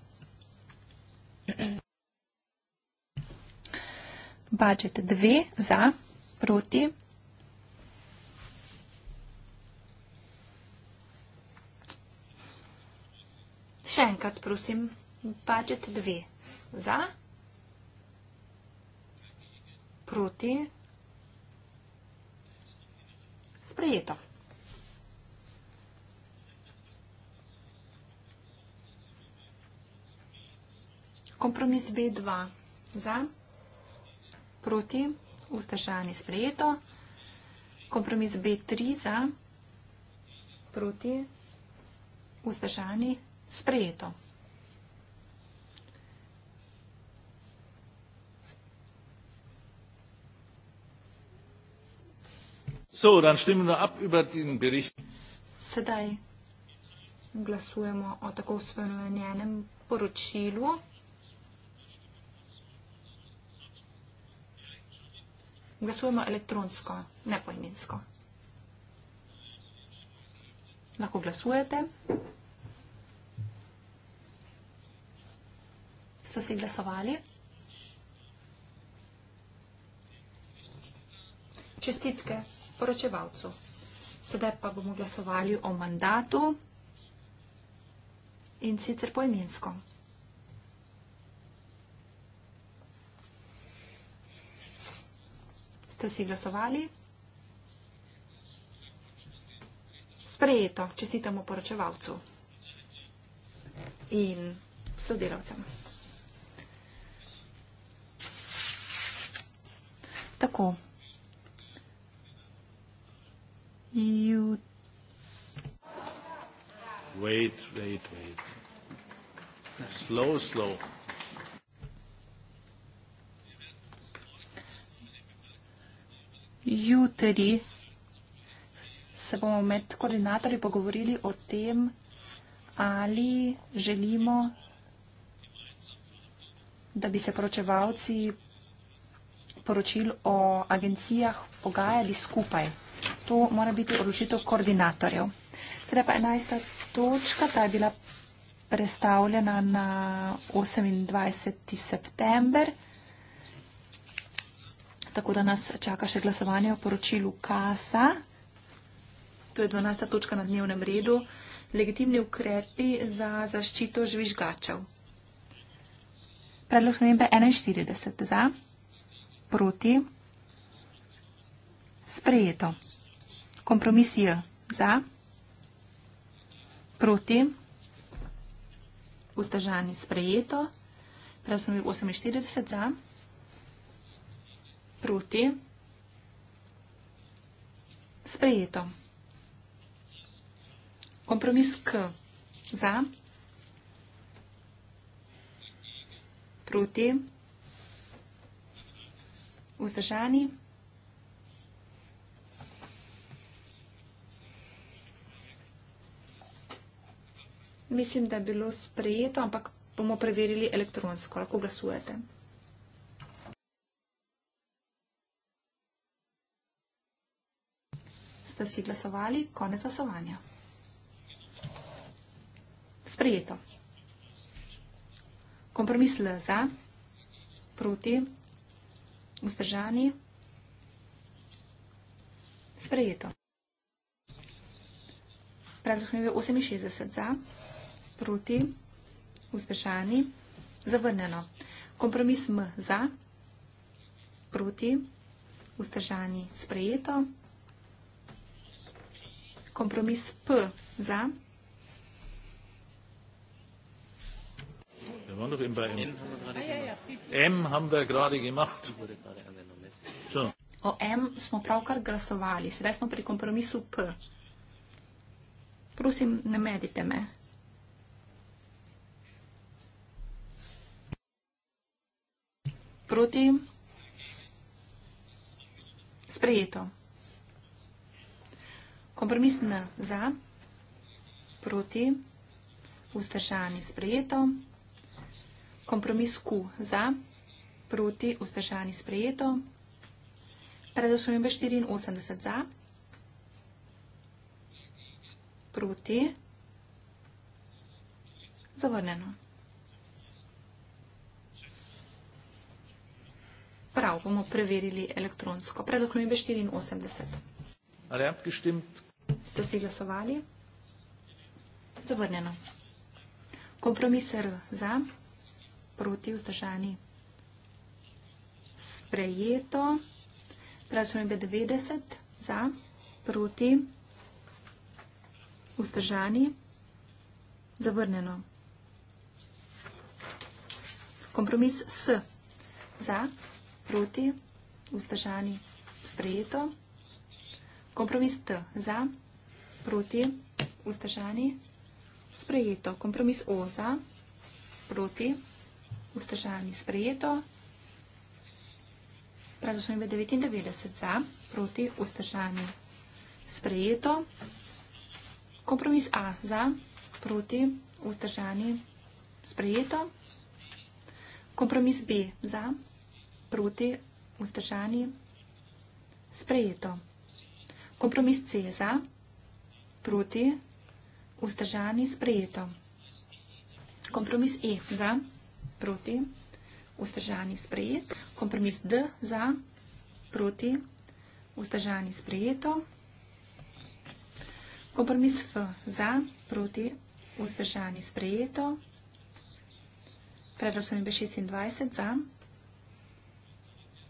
budget 2 za, proti. Še enkrat prosim, budget 2 za, proti, sprejeto. Kompromis B2 za, proti proti, vzdržani sprejeto. Kompromis B3 za, proti, vzdržani sprejeto. Sedaj glasujemo o tako uspelenjenem poročilu. Glasujemo elektronsko, ne poimensko. Lahko glasujete. Ste si glasovali? Čestitke poročevalcu. Sedaj pa bomo glasovali o mandatu in sicer poimensko. imensko. Ste vsi glasovali? Sprejeto. Čestitamo poročevalcu in sodelavcem. Tako. You... Wait, wait, wait. Slow, slow. jutri se bomo med koordinatorji pogovorili o tem, ali želimo, da bi se poročevalci poročil o agencijah pogajali skupaj. To mora biti odločitev koordinatorjev. Sedaj pa 11. točka, ta je bila prestavljena na 28. september tako da nas čaka še glasovanje o poročilu KASA. To je 12. točka na dnevnem redu. Legitimni ukrepi za zaščito žvižgačev. Predlog smembe 41 za, proti, sprejeto. Kompromis je za, proti, vzdržani sprejeto. Predlog smembe 48 za proti. Sprejeto. Kompromis K za. Proti. Vzdržani. Mislim, da je bilo sprejeto, ampak bomo preverili elektronsko, lahko glasujete. ste vsi glasovali. Konec glasovanja. Sprejeto. Kompromis L za, proti, vzdržani. Sprejeto. Predlog je bil 68 za, proti, vzdržani, zavrnjeno. Kompromis M za, proti, vzdržani, sprejeto kompromis P za. Ah, ja, ja. O M smo pravkar glasovali, sedaj smo pri kompromisu P. Prosim, ne medite me. Proti. Sprejeto. Kompromis na za, proti, vzdržani sprejeto. Kompromis Q za, proti, vzdržani sprejeto. Predlašujem 84 za, proti, zavrneno. Prav, bomo preverili elektronsko. Predlog nr. 84. Ali je abgestimt? Ste si glasovali? Zavrnjeno. Kompromiser za, proti vzdržani. Sprejeto. Pračujem B90 za, proti vzdržani. Zavrnjeno. Kompromis S za, proti vzdržani. Sprejeto. Kompromis T za, proti vzdržani proti, vzdržani, sprejeto. Kompromis oza, proti, vzdržani, sprejeto. Pravzašnjo ime 99 za, proti, vzdržani, sprejeto. Kompromis A za, proti, vzdržani, sprejeto. Kompromis B za, proti, vzdržani, sprejeto. Kompromis C za, proti, vzdržani, sprejeto. Proti. Vzdržani. Sprejeto. Kompromis E. Za. Proti. Vzdržani. Sprejet. Kompromis D. Za. Proti. Vzdržani. Sprejeto. Kompromis F. Za. Proti. Vzdržani. Sprejeto. Predlog so mi bi 26. Za.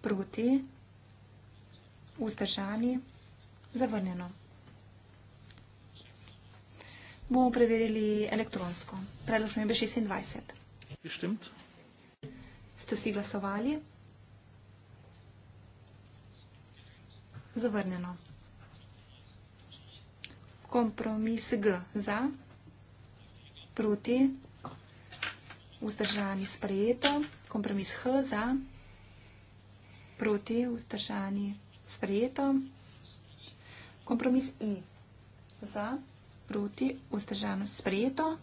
Proti. Vzdržani. Zavrnjeno bomo preverili elektronsko. Predlog je bil 26. Štimt. Ste vsi glasovali? Zavrnjeno. Kompromis G za, proti, vzdržani sprejeto, kompromis H za, proti, vzdržani sprejeto, kompromis I za proti, vzdržano sprejeto.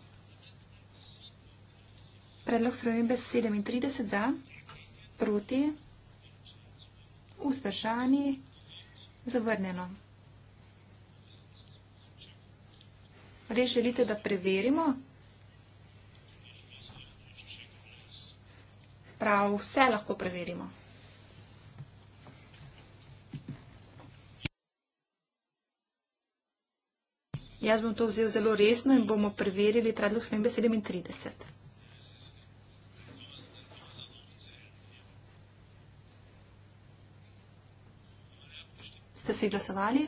Predlog spremembe 37 za, proti, vzdržani, zavrnjeno. Res želite, da preverimo? Prav vse lahko preverimo. Jaz bom to vzel zelo resno in bomo preverili predlog spremembe 37. Ste vsi glasovali?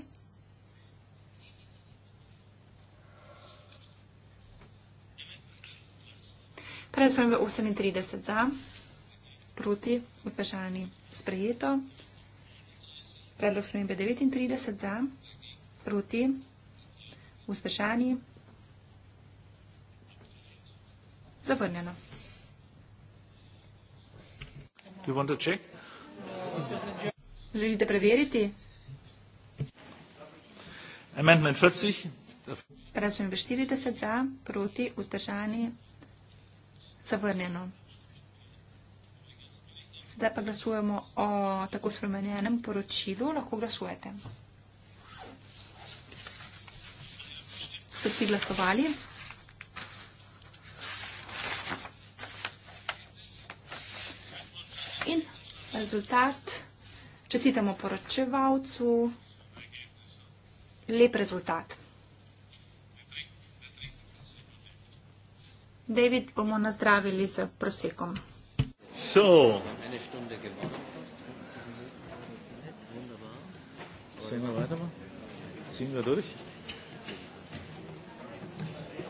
Predlog spremembe 38 za, proti, vzdržani, sprejeto. Predlog spremembe 39 za, proti vzdržani. Zavrnjeno. Želite preveriti? Amendment 40. Račun v 40 za, proti, vzdržani, zavrnjeno. Sedaj pa glasujemo o tako spremenjenem poročilu. Lahko glasujete. ste vsi glasovali. In rezultat, čestitamo poročevalcu, lep rezultat. David bomo nazdravili z prosekom. So. Sehen wir weiter mal? Ziehen wir durch?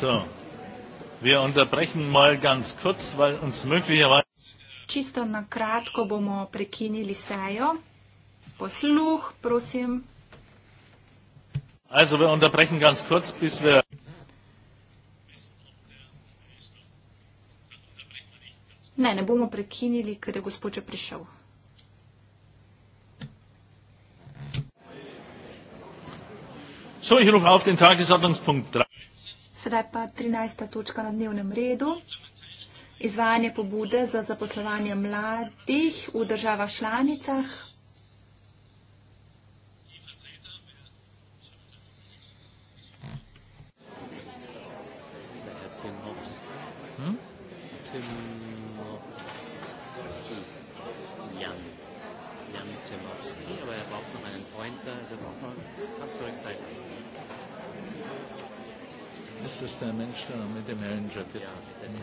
So. Wir unterbrechen mal ganz kurz, weil uns möglicherweise. Čisto na kratko bomo prekinili sejo. Posluh, prosim. Also, wir unterbrechen ganz kurz, bis wir. Ne, ne bomo prekinili, ker je gospod že prišel. So, ich rufe auf den Tagesordnungspunkt 3. Sedaj pa 13. točka na dnevnem redu. Izvajanje pobude za zaposlovanje mladih v državah članicah systemen, skal vi til manager. Ja, det er det.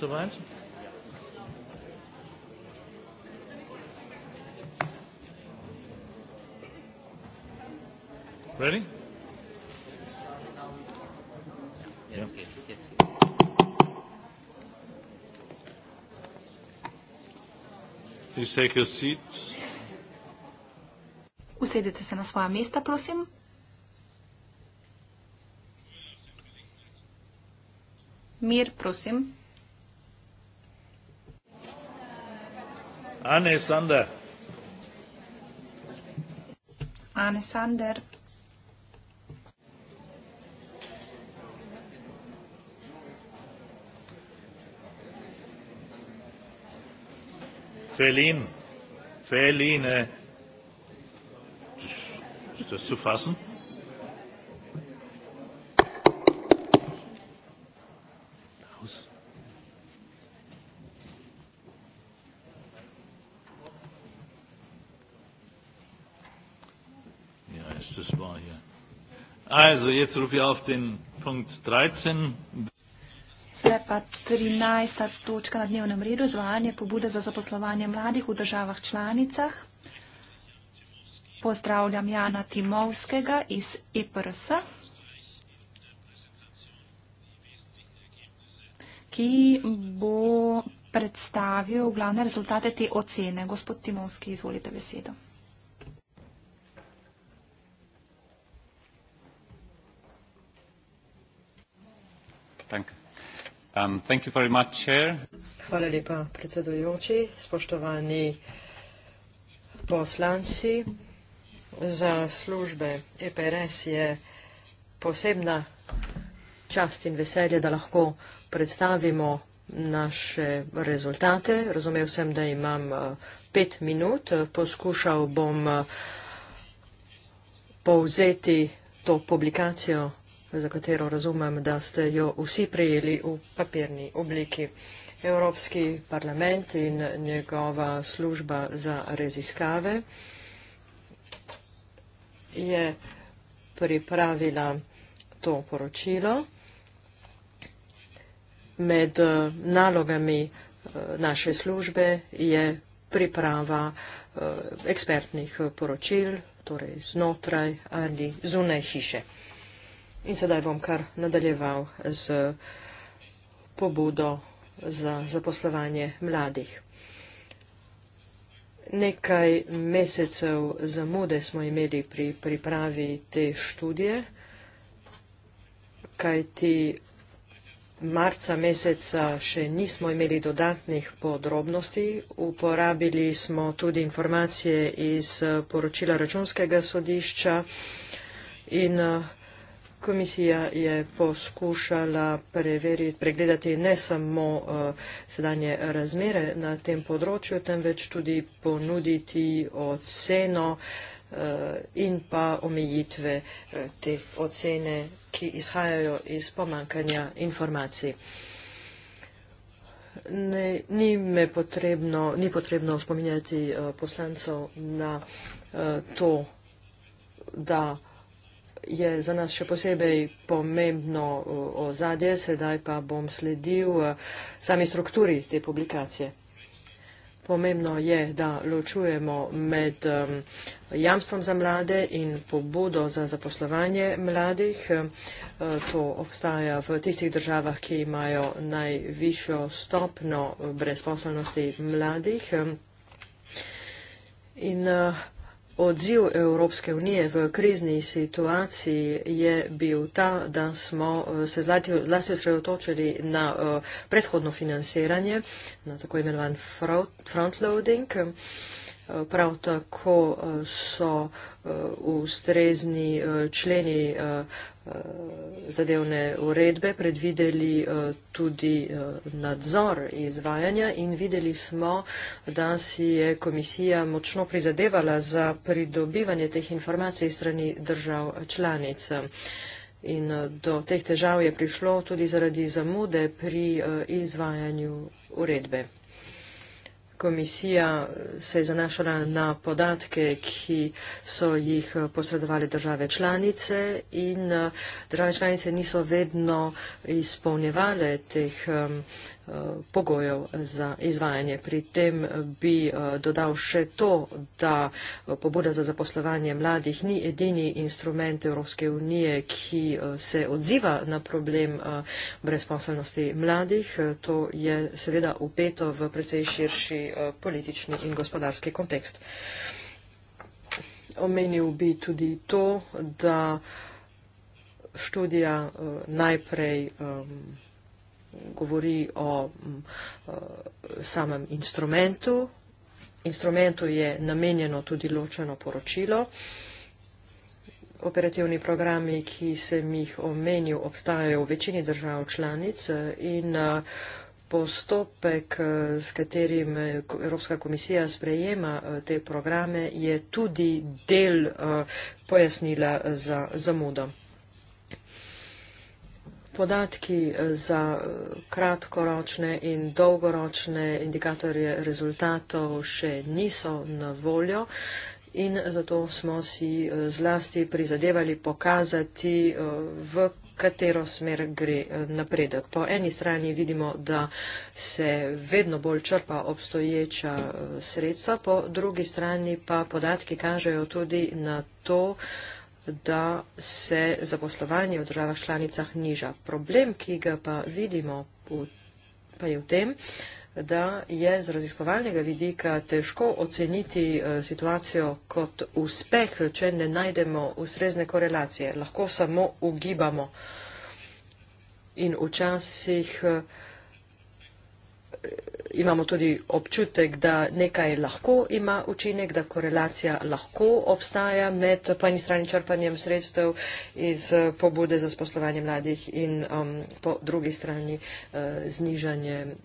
soweit? Ready? Jetzt geht's, jetzt geht's. Please take your seats. Usedite se na svoja mesta, prosim. Mir, prosim. Ane Sander. Ane Sander. Felin, Feline. Ist das zu fassen? Also jetzt rufe ich auf den Punkt 13. Zdaj pa 13. točka na dnevnem redu, izvajanje pobude za zaposlovanje mladih v državah članicah. Pozdravljam Jana Timovskega iz EPRS, ki bo predstavil glavne rezultate te ocene. Gospod Timovski, izvolite besedo. Um, Hvala lepa, predsedujoči, spoštovani poslanci. Za službe EPRS je posebna čast in veselje, da lahko predstavimo naše rezultate. Razumev sem, da imam uh, pet minut. Poskušal bom uh, povzeti to publikacijo za katero razumem, da ste jo vsi prejeli v papirni obliki. Evropski parlament in njegova služba za raziskave je pripravila to poročilo. Med eh, nalogami eh, naše službe je priprava eh, ekspertnih poročil, torej znotraj ali zunaj hiše. In sedaj bom kar nadaljeval z pobudo za zaposlovanje mladih. Nekaj mesecev zamude smo imeli pri pripravi te študije, kajti marca meseca še nismo imeli dodatnih podrobnosti. Uporabili smo tudi informacije iz poročila računskega sodišča in Komisija je poskušala preveriti, pregledati ne samo uh, sedanje razmere na tem področju, temveč tudi ponuditi oceno uh, in pa omejitve uh, te ocene, ki izhajajo iz pomankanja informacij. Ne, ni, potrebno, ni potrebno spominjati uh, poslancov na uh, to, da je za nas še posebej pomembno ozadje, sedaj pa bom sledil eh, sami strukturi te publikacije. Pomembno je, da ločujemo med eh, jamstvom za mlade in pobudo za zaposlovanje mladih. Eh, to obstaja v tistih državah, ki imajo najvišjo stopno brezposobnosti mladih. In Odziv Evropske unije v krizni situaciji je bil ta, da smo eh, se zlasti osredotočili na eh, predhodno financiranje, na tako imenovan frontloading. Eh, prav tako so ustrezni členi Eh, zadevne uredbe, predvideli eh, tudi eh, nadzor izvajanja in videli smo, da si je komisija močno prizadevala za pridobivanje teh informacij strani držav članic. In do teh težav je prišlo tudi zaradi zamude pri izvajanju uredbe. Komisija eh, se je zanašala na podatke, ki so jih eh, posredovali države članice in eh, države članice niso vedno izpolnjevale teh um, Eh, pogojev za izvajanje. Pri tem eh, bi eh, dodal še to, da pobuda za zaposlovanje mladih ni edini instrument Evropske unije, ki se odziva na problem brezposobnosti mladih. To je seveda upeto v precej širši politični in gospodarski kontekst. Omenil bi tudi to, da študija najprej um, govori o m, mm, eh, samem instrumentu. Instrumentu je namenjeno tudi ločeno poročilo. Operativni programi, ki sem jih omenil, obstajajo v večini držav članic eh, in eh, postopek, s katerim Evropska komisija sprejema te programe, je tudi del pojasnila za zamudo podatki eh, za eh, kratkoročne in dolgoročne indikatorje rezultatov še niso na voljo in zato smo si eh, zlasti prizadevali pokazati, v katero smer gre napredek. Po eni strani vidimo, da se vedno bolj črpa obstoječa sredstva, po drugi strani pa podatki kažejo tudi na to, da se zaposlovanje v državah članicah niža. Problem, ki ga pa vidimo, pa je v tem, da je z raziskovalnega vidika težko oceniti eh, situacijo kot uspeh, če ne najdemo ustrezne korelacije. Lahko samo ugibamo in včasih eh, imamo tudi občutek, da nekaj lahko ima učinek, da korelacija lahko obstaja med po eni strani črpanjem sredstev iz eh, pobude za sposlovanje mladih in um, po drugi strani uh, znižanje mm,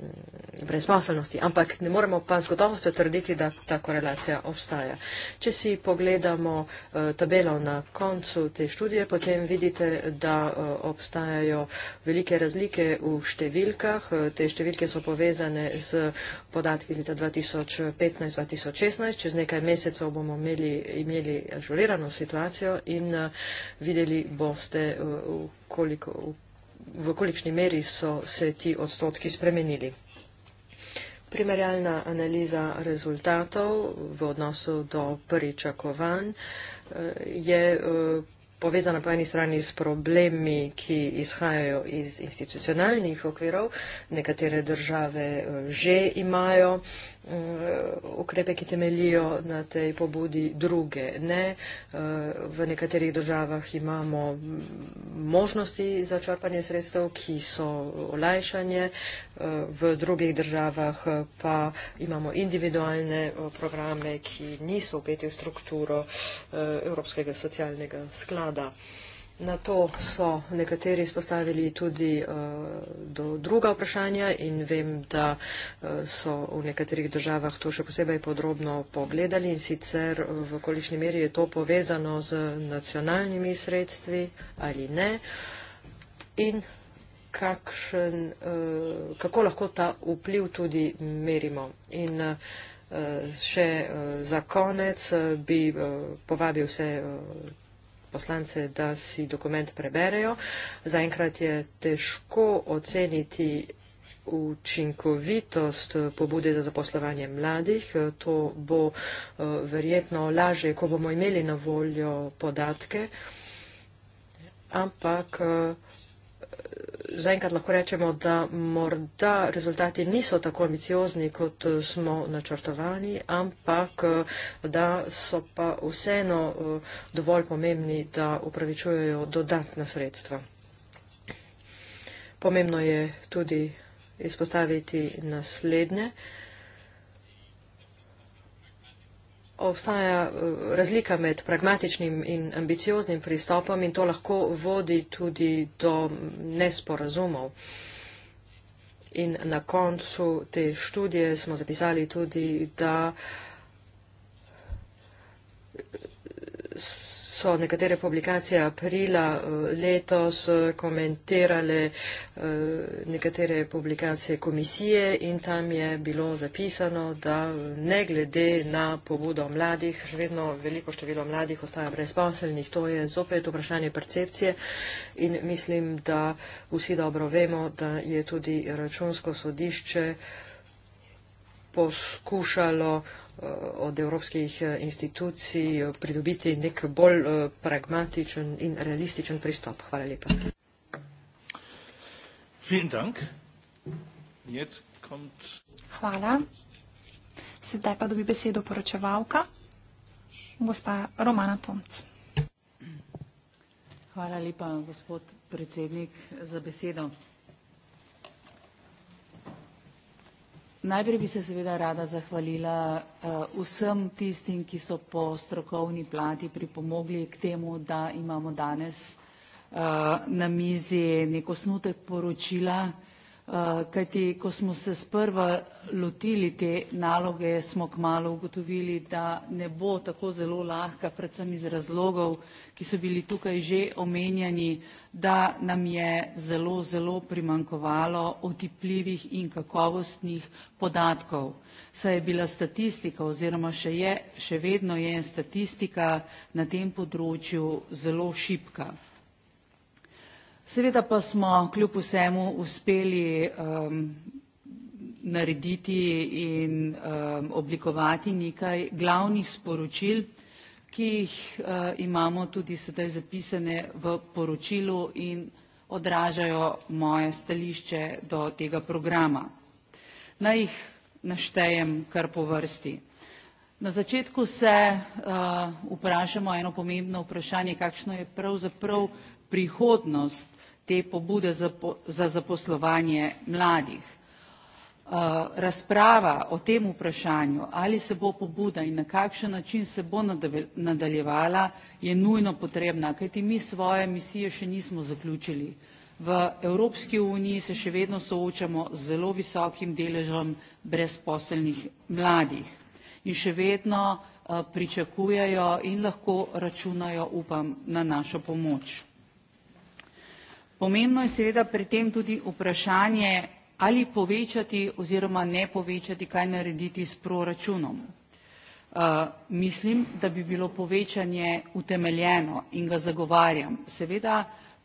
brezposelnosti. Ampak ne moremo pa z gotovostjo trditi, da ta korelacija obstaja. Če si pogledamo uh, tabelo na koncu te študije, potem vidite, da uh, obstajajo velike razlike v številkah. Uh, te številke so povezane z podatki leta 2015-2016. Čez nekaj mesecev bomo imeli, imeli ažurirano situacijo in eh, videli boste, eh, v, koliko, v kolikšni meri so se ti odstotki spremenili. Primerjalna analiza rezultatov v odnosu do pričakovanj eh, je povezana po eni strani s problemi, ki izhajajo iz institucionalnih okvirov, nekatere države eh, že imajo Eh, ukrepe, ki temelijo na tej pobudi druge. Ne, eh, v nekaterih državah imamo možnosti za črpanje sredstev, ki so olajšanje, eh, v drugih državah pa imamo individualne programe, ki niso upeti v strukturo Evropskega socialnega sklada. Na to so nekateri izpostavili tudi uh, do druga vprašanja in vem, da uh, so v nekaterih državah to še posebej podrobno pogledali in sicer eh, v kolišni meri je to povezano z nacionalnimi sredstvi ali ne. In kakšen, uh, kako lahko ta vpliv tudi merimo. In, uh, Še za konec bi povabil vse poslance, da si dokument preberejo. Zaenkrat je težko oceniti učinkovitost pobude za zaposlovanje mladih. To bo eh, verjetno lažje, ko bomo imeli na voljo podatke. Ampak eh, zaenkrat lahko rečemo, da morda rezultati niso tako ambiciozni, kot eh, smo načrtovani, ampak eh, da so pa vseeno eh, dovolj pomembni, da upravičujejo dodatna sredstva. Pomembno je tudi izpostaviti naslednje. Uh, obstaja eh, razlika med pragmatičnim in ambicioznim pristopom in to lahko vodi tudi do nesporazumov. In na koncu te študije smo zapisali tudi, da so nekatere publikacije aprila eh, letos eh, komentirale eh, nekatere publikacije komisije in tam je bilo zapisano, da ne glede na pobudo mladih, še vedno veliko število mladih ostaja brezposelnih. To je zopet vprašanje percepcije in mislim, da vsi dobro vemo, da je tudi računsko sodišče poskušalo od evropskih eh, institucij eh, pridobiti nek bolj eh, pragmatičen in realističen pristop. Hvala lepa. Hvala. Sedaj pa dobi besedo poročevalka, gospa Romana Tomc. Hvala lepa, gospod predsednik, za besedo. Najprej bi se seveda rada zahvalila eh, vsem tistim, ki so po strokovni plati pripomogli k temu, da imamo danes eh, na mizi nek osnutek poročila Eh, kajti ko smo se sprva lotili te naloge, smo kmalo ugotovili, da ne bo tako zelo lahka, predvsem iz razlogov, ki so bili tukaj že omenjani, da nam je zelo, zelo primankovalo otipljivih in kakovostnih podatkov. Saj je bila statistika oziroma še, je, še vedno je statistika na tem področju zelo šipka. Seveda pa smo kljub vsemu uspeli um, narediti in um, oblikovati nekaj glavnih sporočil, ki jih uh, imamo tudi sedaj zapisane v poročilu in odražajo moje stališče do tega programa. Naj jih naštejem kar po vrsti. Na začetku se uh, vprašamo eno pomembno vprašanje, kakšno je pravzaprav prihodnost te pobude za zaposlovanje mladih. Uh, razprava o tem vprašanju, ali se bo pobuda in na kakšen način se bo nadaljevala, je nujno potrebna, kajti mi svoje misije še nismo zaključili. V Evropski uniji se še vedno soočamo z zelo visokim deležem brezposelnih mladih in še vedno uh, pričakujejo in lahko računajo, upam, na našo pomoč. Pomembno je seveda pri tem tudi vprašanje, ali povečati oziroma ne povečati, kaj narediti s proračunom. Uh, mislim, da bi bilo povečanje utemeljeno in ga zagovarjam. Seveda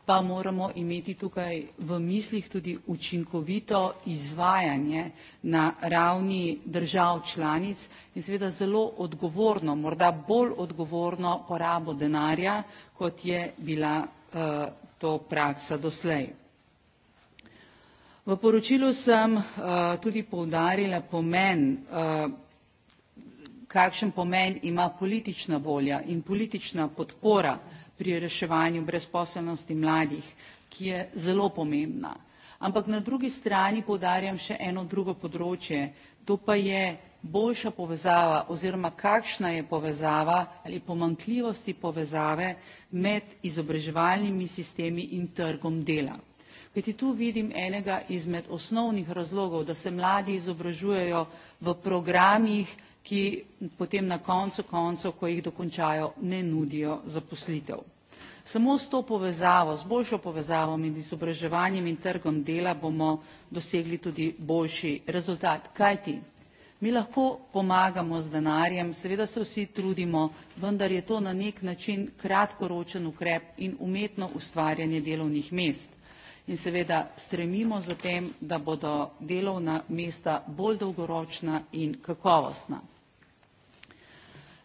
pa moramo imeti tukaj v mislih tudi učinkovito izvajanje na ravni držav članic in seveda zelo odgovorno, morda bolj odgovorno porabo denarja, kot je bila uh, to praksa doslej. V poročilu sem uh, tudi poudarila pomen, uh, kakšen pomen ima politična volja in politična podpora pri reševanju brezposelnosti mladih, ki je zelo pomembna. Ampak na drugi strani poudarjam še eno drugo področje, to pa je boljša povezava oziroma kakšna je povezava ali pomankljivosti povezave med izobraževalnimi sistemi in trgom dela. Kajti tu vidim enega izmed osnovnih razlogov, da se mladi izobražujejo v programih, ki potem na koncu koncev, ko jih dokončajo, ne nudijo zaposlitev. Samo s to povezavo, z boljšo povezavo med izobraževanjem in trgom dela bomo dosegli tudi boljši rezultat. Kajti, mi lahko pomagamo z denarjem, seveda se vsi trudimo, vendar je to na nek način kratkoročen ukrep in umetno ustvarjanje delovnih mest. In seveda stremimo za tem, da bodo delovna mesta bolj dolgoročna in kakovostna.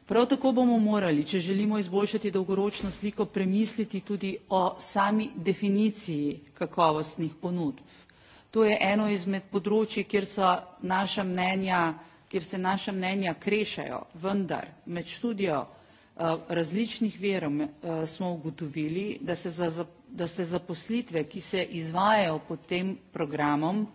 Prav tako bomo morali, če želimo izboljšati dolgoročno sliko, premisliti tudi o sami definiciji kakovostnih ponud. To je eno izmed področji, kjer, naša mnenja, kjer se naša mnenja krešajo, vendar med študijo eh, različnih verov eh, smo ugotovili, da se, za, da se zaposlitve, ki se izvajajo pod tem programom,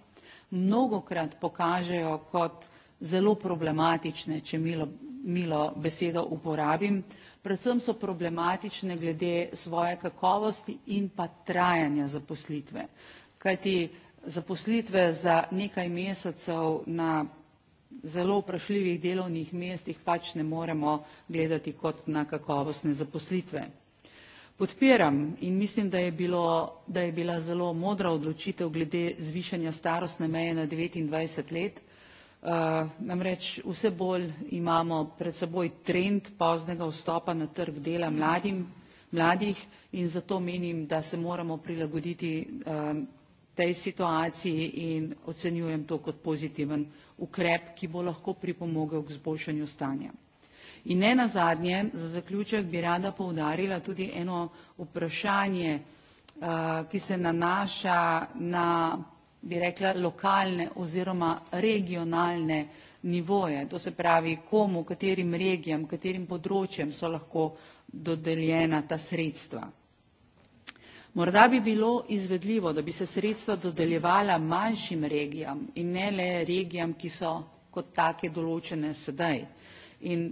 mnogokrat pokažejo kot zelo problematične, če milo milo besedo uporabim. Predvsem so problematične glede svoje kakovosti in pa trajanja zaposlitve. Kajti zaposlitve za nekaj mesecev na zelo vprašljivih delovnih mestih pač ne moremo gledati kot na kakovostne zaposlitve. Podpiram in mislim, da je, bilo, da je bila zelo modra odločitev glede zvišanja starostne meje na 29 let, Eh, namreč vse bolj imamo pred seboj trend poznega vstopa na trg dela mladim, mladih in zato menim, da se moramo prilagoditi eh, tej situaciji in ocenjujem to kot pozitiven ukrep, ki bo lahko pripomogel k zboljšanju stanja. In ne nazadnje, za zaključek bi rada poudarila tudi eno vprašanje, eh, ki se nanaša na bi rekla, lokalne oziroma regionalne nivoje. To se pravi, komu, katerim regijam, katerim področjem so lahko dodeljena ta sredstva. Morda bi bilo izvedljivo, da bi se sredstva dodeljevala manjšim regijam in ne le regijam, ki so kot take določene sedaj. In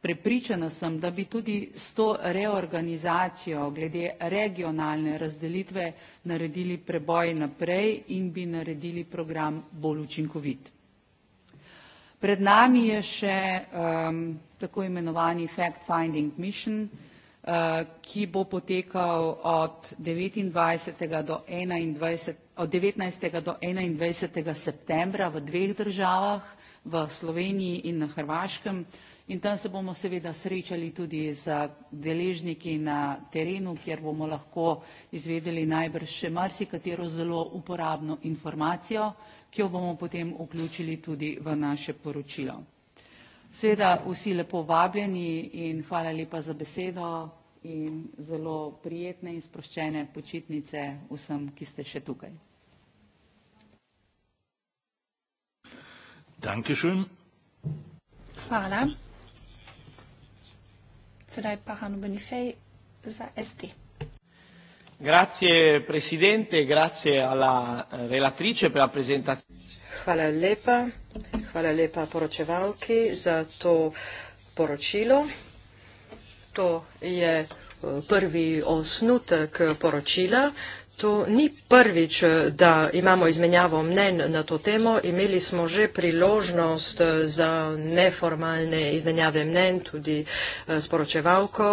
Prepričana sem, da bi tudi s to reorganizacijo glede regionalne razdelitve naredili preboj naprej in bi naredili program bolj učinkovit. Pred nami je še um, tako imenovani fact-finding mission, uh, ki bo potekal od, 29. Do 21, od 19. do 21. septembra v dveh državah, v Sloveniji in na Hrvaškem in tam se bomo seveda srečali tudi z deležniki na terenu, kjer bomo lahko izvedeli najbrž še marsikatero zelo uporabno informacijo, ki jo bomo potem vključili tudi v naše poročilo. Seveda vsi lepo vabljeni in hvala lepa za besedo in zelo prijetne in sproščene počitnice vsem, ki ste še tukaj. Danke schön. Hvala. Sedaj pa Hanno Benifej za ST. Grazie Presidente, grazie alla eh, relatrice per la presentazione. Hvala lepa, hvala lepa poročevalki za to poročilo. To je eh, prvi osnutek poročila, To ni prvič, eh, da imamo izmenjavo mnen na to temo. Imeli smo že priložnost eh, za neformalne izmenjave mnen tudi eh, s poročevalko.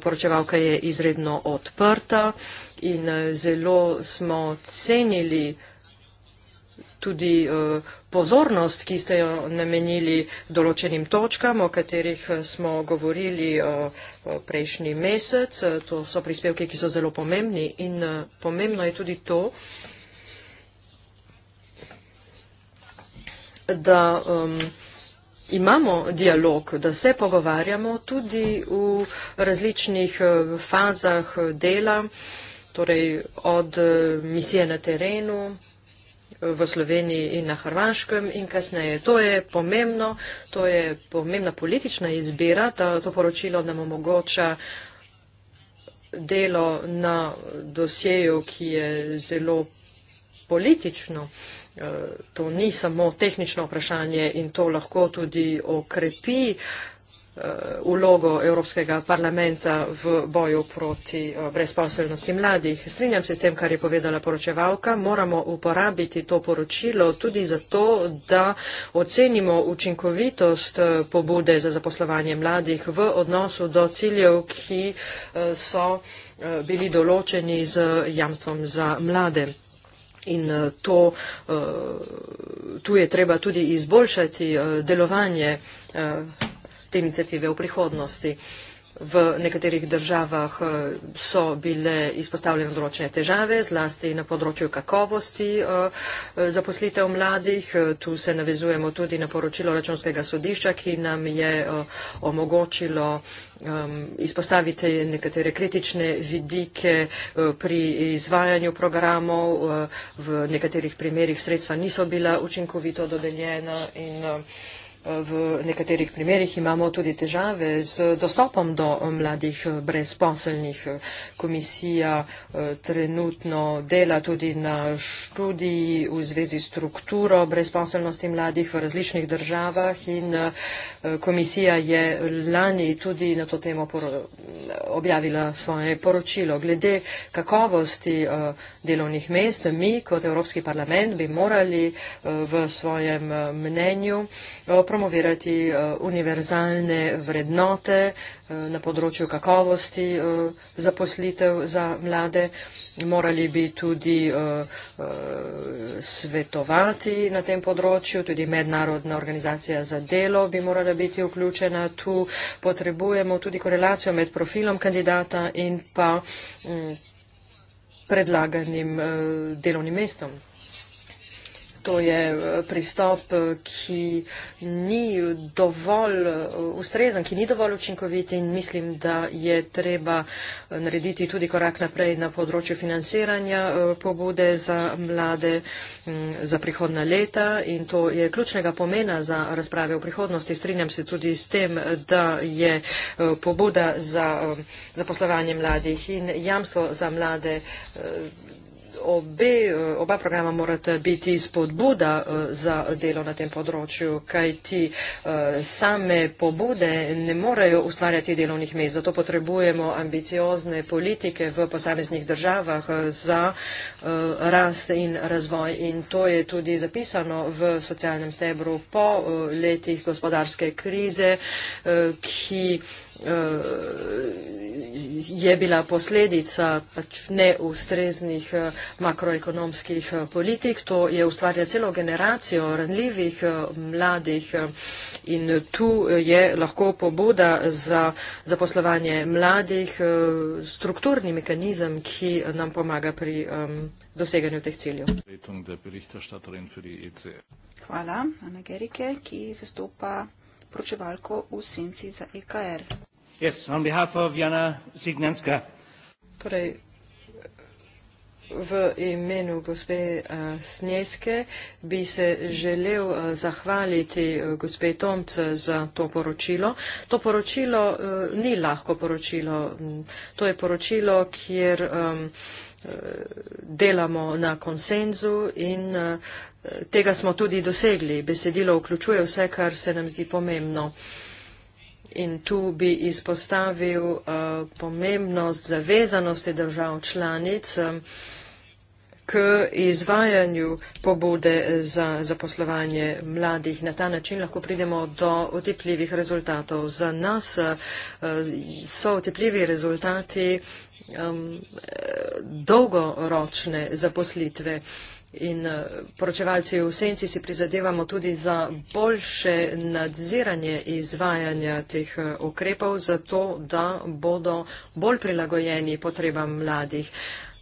Poročevalka je izredno odprta in zelo smo cenili tudi eh, pozornost, ki ste jo namenili določenim točkam, o katerih eh, smo govorili eh, prejšnji mesec. To so prispevke, ki so zelo pomembni in pomembno je tudi to, da imamo dialog, da se pogovarjamo tudi v različnih fazah dela, torej od misije na terenu, v Sloveniji in na Hrvaškem in kasneje. To je pomembno, to je pomembna politična izbira, ta, to poročilo nam omogoča delo na dosjeju, ki je zelo politično. Eh, to ni samo tehnično vprašanje in to lahko tudi okrepi uh, Eh, vlogo Evropskega parlamenta v boju proti eh, brezposelnosti mladih. Strinjam se s tem, kar je povedala poročevalka. Moramo uporabiti to poročilo tudi zato, da ocenimo učinkovitost eh, pobude za zaposlovanje mladih v odnosu do ciljev, ki so bili določeni z jamstvom za mlade. In to, tu je treba tudi izboljšati delovanje te inicijative v prihodnosti. V nekaterih državah eh, so bile izpostavljene odročne težave, zlasti na področju kakovosti eh, zaposlitev mladih. Eh, tu se navezujemo tudi na poročilo računskega sodišča, ki nam je omogočilo ehm, izpostaviti nekatere kritične vidike pri izvajanju programov. V nekaterih primerjih sredstva niso bila učinkovito dodeljena in V nekaterih primerjih imamo tudi težave z dostopom do eh, mladih eh, brezposelnih. Komisija eh, trenutno dela tudi na študiji v zvezi s strukturo brezposelnosti mladih v različnih državah in komisija je lani tudi na to temo objavila svoje poročilo. Glede kakovosti delovnih mest, mi kot Evropski parlament bi morali v svojem mnenju promovirati eh, univerzalne vrednote eh, na področju kakovosti eh, zaposlitev za mlade. Morali bi tudi uh, uh, svetovati na tem področju, tudi mednarodna organizacija za delo bi morala biti vključena. Tu potrebujemo tudi korelacijo med profilom kandidata in pa um, predlaganim uh, delovnim mestom. To je eh, pristop, eh, ki ni dovolj eh, ustrezen, ki ni dovolj učinkovit in mislim, da je treba narediti tudi korak naprej na področju financiranja pobude za mlade mm, za prihodna leta in to je ključnega pomena za razprave v prihodnosti. Strinjam se tudi s tem, da je pobuda za zaposlovanje mladih in jamstvo za mlade obe, eh, oba programa morata biti spodbuda eh, za delo na tem področju, kaj ti eh, same pobude ne morejo ustvarjati delovnih mest. Zato potrebujemo ambiciozne politike v posameznih državah za rast in razvoj. In to je tudi zapisano v socialnem stebru po letih gospodarske krize, ki Eh, je bila posledica pač neustreznih eh, makroekonomskih eh, politik. To je ustvarja celo generacijo ranljivih mladih in tu je lahko pobuda za zaposlovanje mladih strukturni mekanizem, ki nam pomaga pri um, doseganju teh ciljev. E Hvala Ana Gerike, ki zastopa pročevalko v senci za EKR. Yes, on behalf of Jana Signanska. Torej, v imenu gospe uh, eh, Snjeske bi se želel uh, zahvaliti uh, gospe Tomc za to poročilo. To poročilo uh, ni lahko poročilo. Mm, to je poročilo, kjer um, delamo na konsenzu in uh, tega smo tudi dosegli. Besedilo vključuje vse, kar se nam zdi pomembno. Uh, In tu bi izpostavil uh, pomembnost zavezanosti držav članic um, k izvajanju pobude za zaposlovanje mladih. Na ta način lahko pridemo do otepljivih rezultatov. Za nas uh, so otepljivi rezultati um, dolgoročne zaposlitve. Uh, In eh, poročevalci v senci si prizadevamo tudi za boljše nadziranje izvajanja teh eh, ukrepov, zato da bodo bolj prilagojeni potrebam mladih.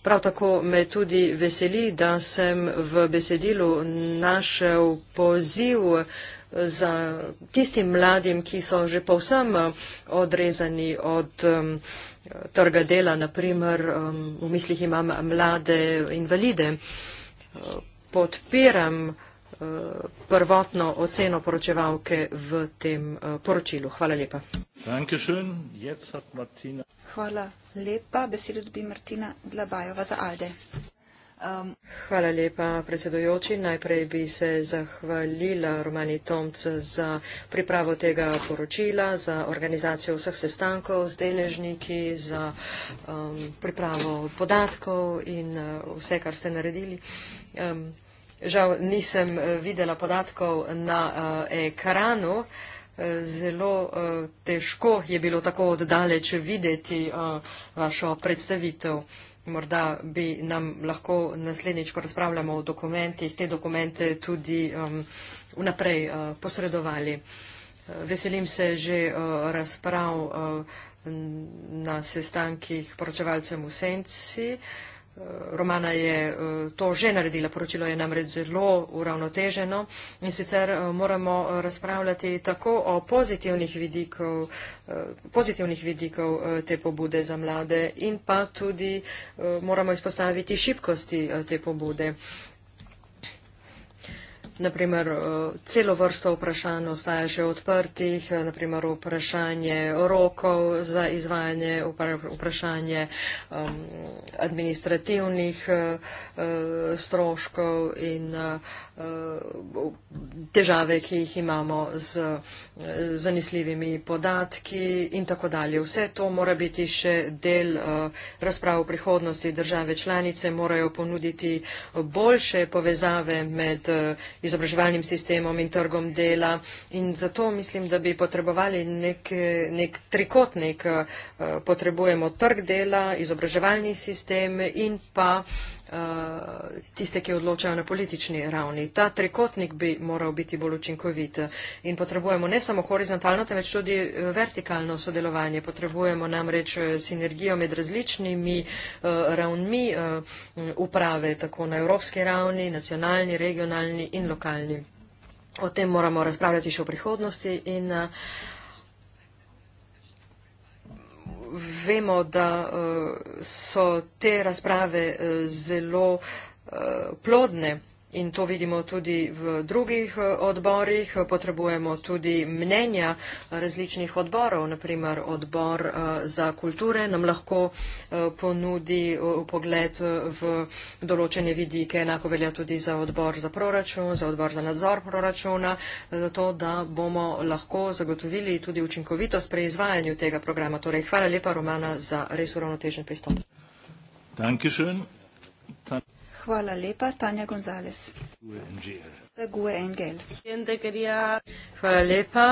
Prav tako me tudi veseli, da sem v besedilu našel poziv eh, za tistim mladim, ki so že povsem odrezani od trga dela, naprimer v mislih imam mlade invalide podpiram eh, prvotno oceno poročevalke v tem eh, poročilu. Hvala lepa. Hvala lepa. Besedo dobi Martina Glabajova za Alde. Um. Hvala lepa, predsedojoči. Najprej bi se zahvalila Romani Tomc za pripravo tega poročila, za organizacijo vseh sestankov z deležniki, za um, pripravo podatkov in uh, vse, kar ste naredili. Uh, um, žal nisem eh, videla podatkov na uh, ekranu. Eh, zelo uh, težko je bilo tako oddaleč videti uh, vašo predstavitev. Morda bi nam lahko naslednjič, ko razpravljamo o dokumentih, te dokumente tudi um, vnaprej uh, posredovali. Veselim se že uh, razprav uh, na sestankih poročevalcem v Senci. Uh, Eh, Romana je eh, to že naredila, poročilo je namreč zelo uravnoteženo in sicer eh, moramo razpravljati tako o pozitivnih vidikov, pozitivnih vidikov te pobude za mlade in pa tudi moramo izpostaviti šibkosti te pobude naprimer, eh, celo vrsto vprašanj ostaja še odprtih, eh, naprimer vprašanje rokov za izvajanje, vprašanje um, administrativnih uh, stroškov in uh, težave, ki jih imamo z zanesljivimi podatki in tako dalje. Vse to mora biti še del uh, razprav v prihodnosti. Države članice morajo ponuditi boljše povezave med uh, izobraževalnim sistemom in trgom dela. In zato mislim, da bi potrebovali nek, nek trikotnik. Eh, potrebujemo trg dela, izobraževalni sistem in pa uh, Eh, tiste, ki odločajo na politični ravni. Ta trikotnik bi moral biti bolj učinkovit in potrebujemo ne samo horizontalno, temveč tudi eh, vertikalno sodelovanje. Potrebujemo namreč eh, sinergijo med različnimi ravnmi uprave, tako na evropski ravni, nacionalni, regionalni in lokalni. O tem moramo razpravljati še v prihodnosti in uh, vemo, da eh, so te razprave eh, zelo eh, plodne in to vidimo tudi v drugih eh, odborih, potrebujemo tudi mnenja eh, različnih odborov, naprimer odbor eh, za kulture nam lahko ponudi pogled v določene vidike, enako velja tudi za odbor za proračun, za odbor za nadzor proračuna, zato da bomo lahko zagotovili tudi učinkovitost pri izvajanju tega programa. Torej, hvala lepa Romana za res uravnotežen pristop. Dankeschön. Hvala lepa, Tanja Gonzales. Hvala lepa,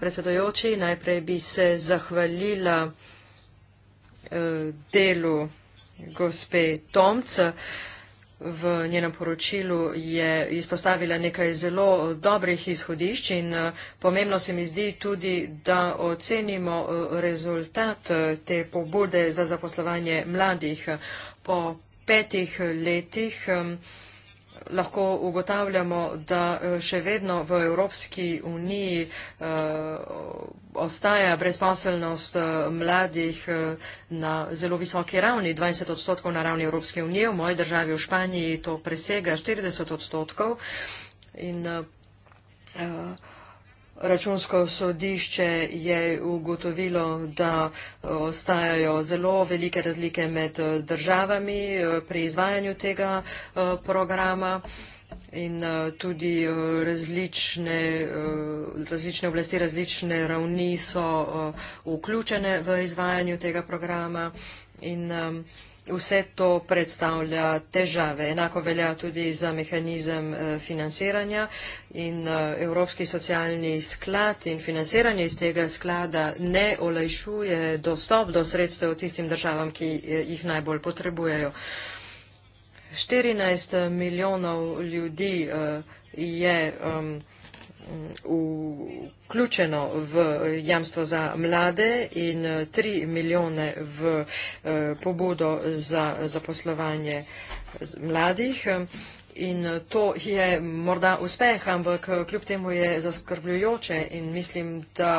predsedojoči. Najprej bi se zahvalila eh, delu gospe Tomc. V njenem poročilu je izpostavila nekaj zelo dobrih izhodišč in eh, pomembno se mi zdi tudi, da ocenimo eh, rezultat te pobude za zaposlovanje mladih. Po petih eh, letih lahko ugotavljamo, da eh, še vedno v Evropski uniji eh, ostaja brezposelnost mladih na zelo visoki ravni, 20 odstotkov na ravni Evropske unije, v moji državi v Španiji to presega 40 odstotkov. In, uh, Računsko sodišče je ugotovilo, da ostajajo zelo velike razlike med državami eh, pri izvajanju tega eh, programa in eh, tudi različne, različne oblasti, različne ravni so vključene v izvajanju tega programa. In, um, vse to predstavlja težave. Enako velja tudi za mehanizem eh, financiranja in eh, Evropski socialni sklad in financiranje iz tega sklada ne olajšuje dostop do sredstev tistim državam, ki eh, jih najbolj potrebujejo. 14 milijonov ljudi je vključeno v jamstvo za mlade in 3 eh, milijone v eh, pobudo za zaposlovanje mladih. In eh, to je morda uspeh, ampak kljub temu je zaskrbljujoče in mislim, da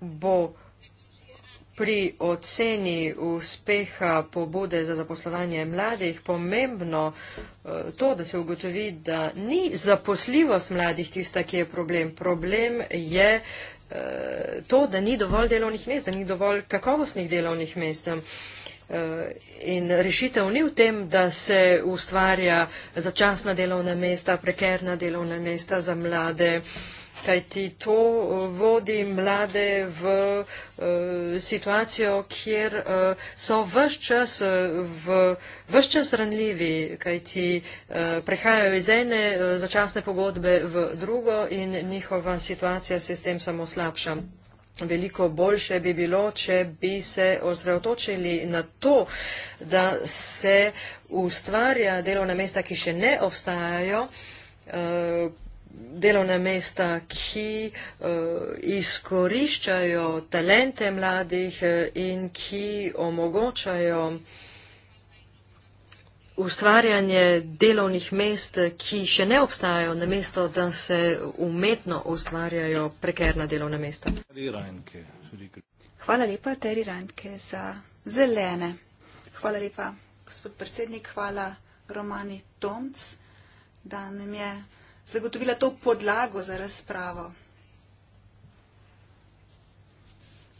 bo vsega, Pri oceni uspeha pobude za zaposlovanje mladih pomembno eh, to, da se ugotovi, da ni zaposljivost mladih tista, ki je problem. Problem je eh, to, da ni dovolj delovnih mest, da ni dovolj kakovostnih delovnih mest. Eh, in rešitev ni v tem, da se ustvarja začasna delovna mesta, prekerna delovna mesta za mlade kajti to eh, vodi mlade v uh, situacijo, kjer uh, so vščas v vse čas ranljivi, kajti uh, prehajajo iz ene uh, začasne pogodbe v drugo in njihova situacija se s tem samo slabša. Veliko boljše bi bilo, če bi se osredotočili na to, da se ustvarja delovna mesta, ki še ne obstajajo. Uh, delovna mesta, ki uh, izkoriščajo talente mladih eh, in ki omogočajo ustvarjanje delovnih mest, ki še ne obstajajo, namesto da se umetno ustvarjajo prekerna delovna mesta. Hvala lepa, Teri Ranke, za zelene. Hvala lepa, gospod predsednik, hvala Romani Tomc, da nam je zagotovila to podlago za razpravo.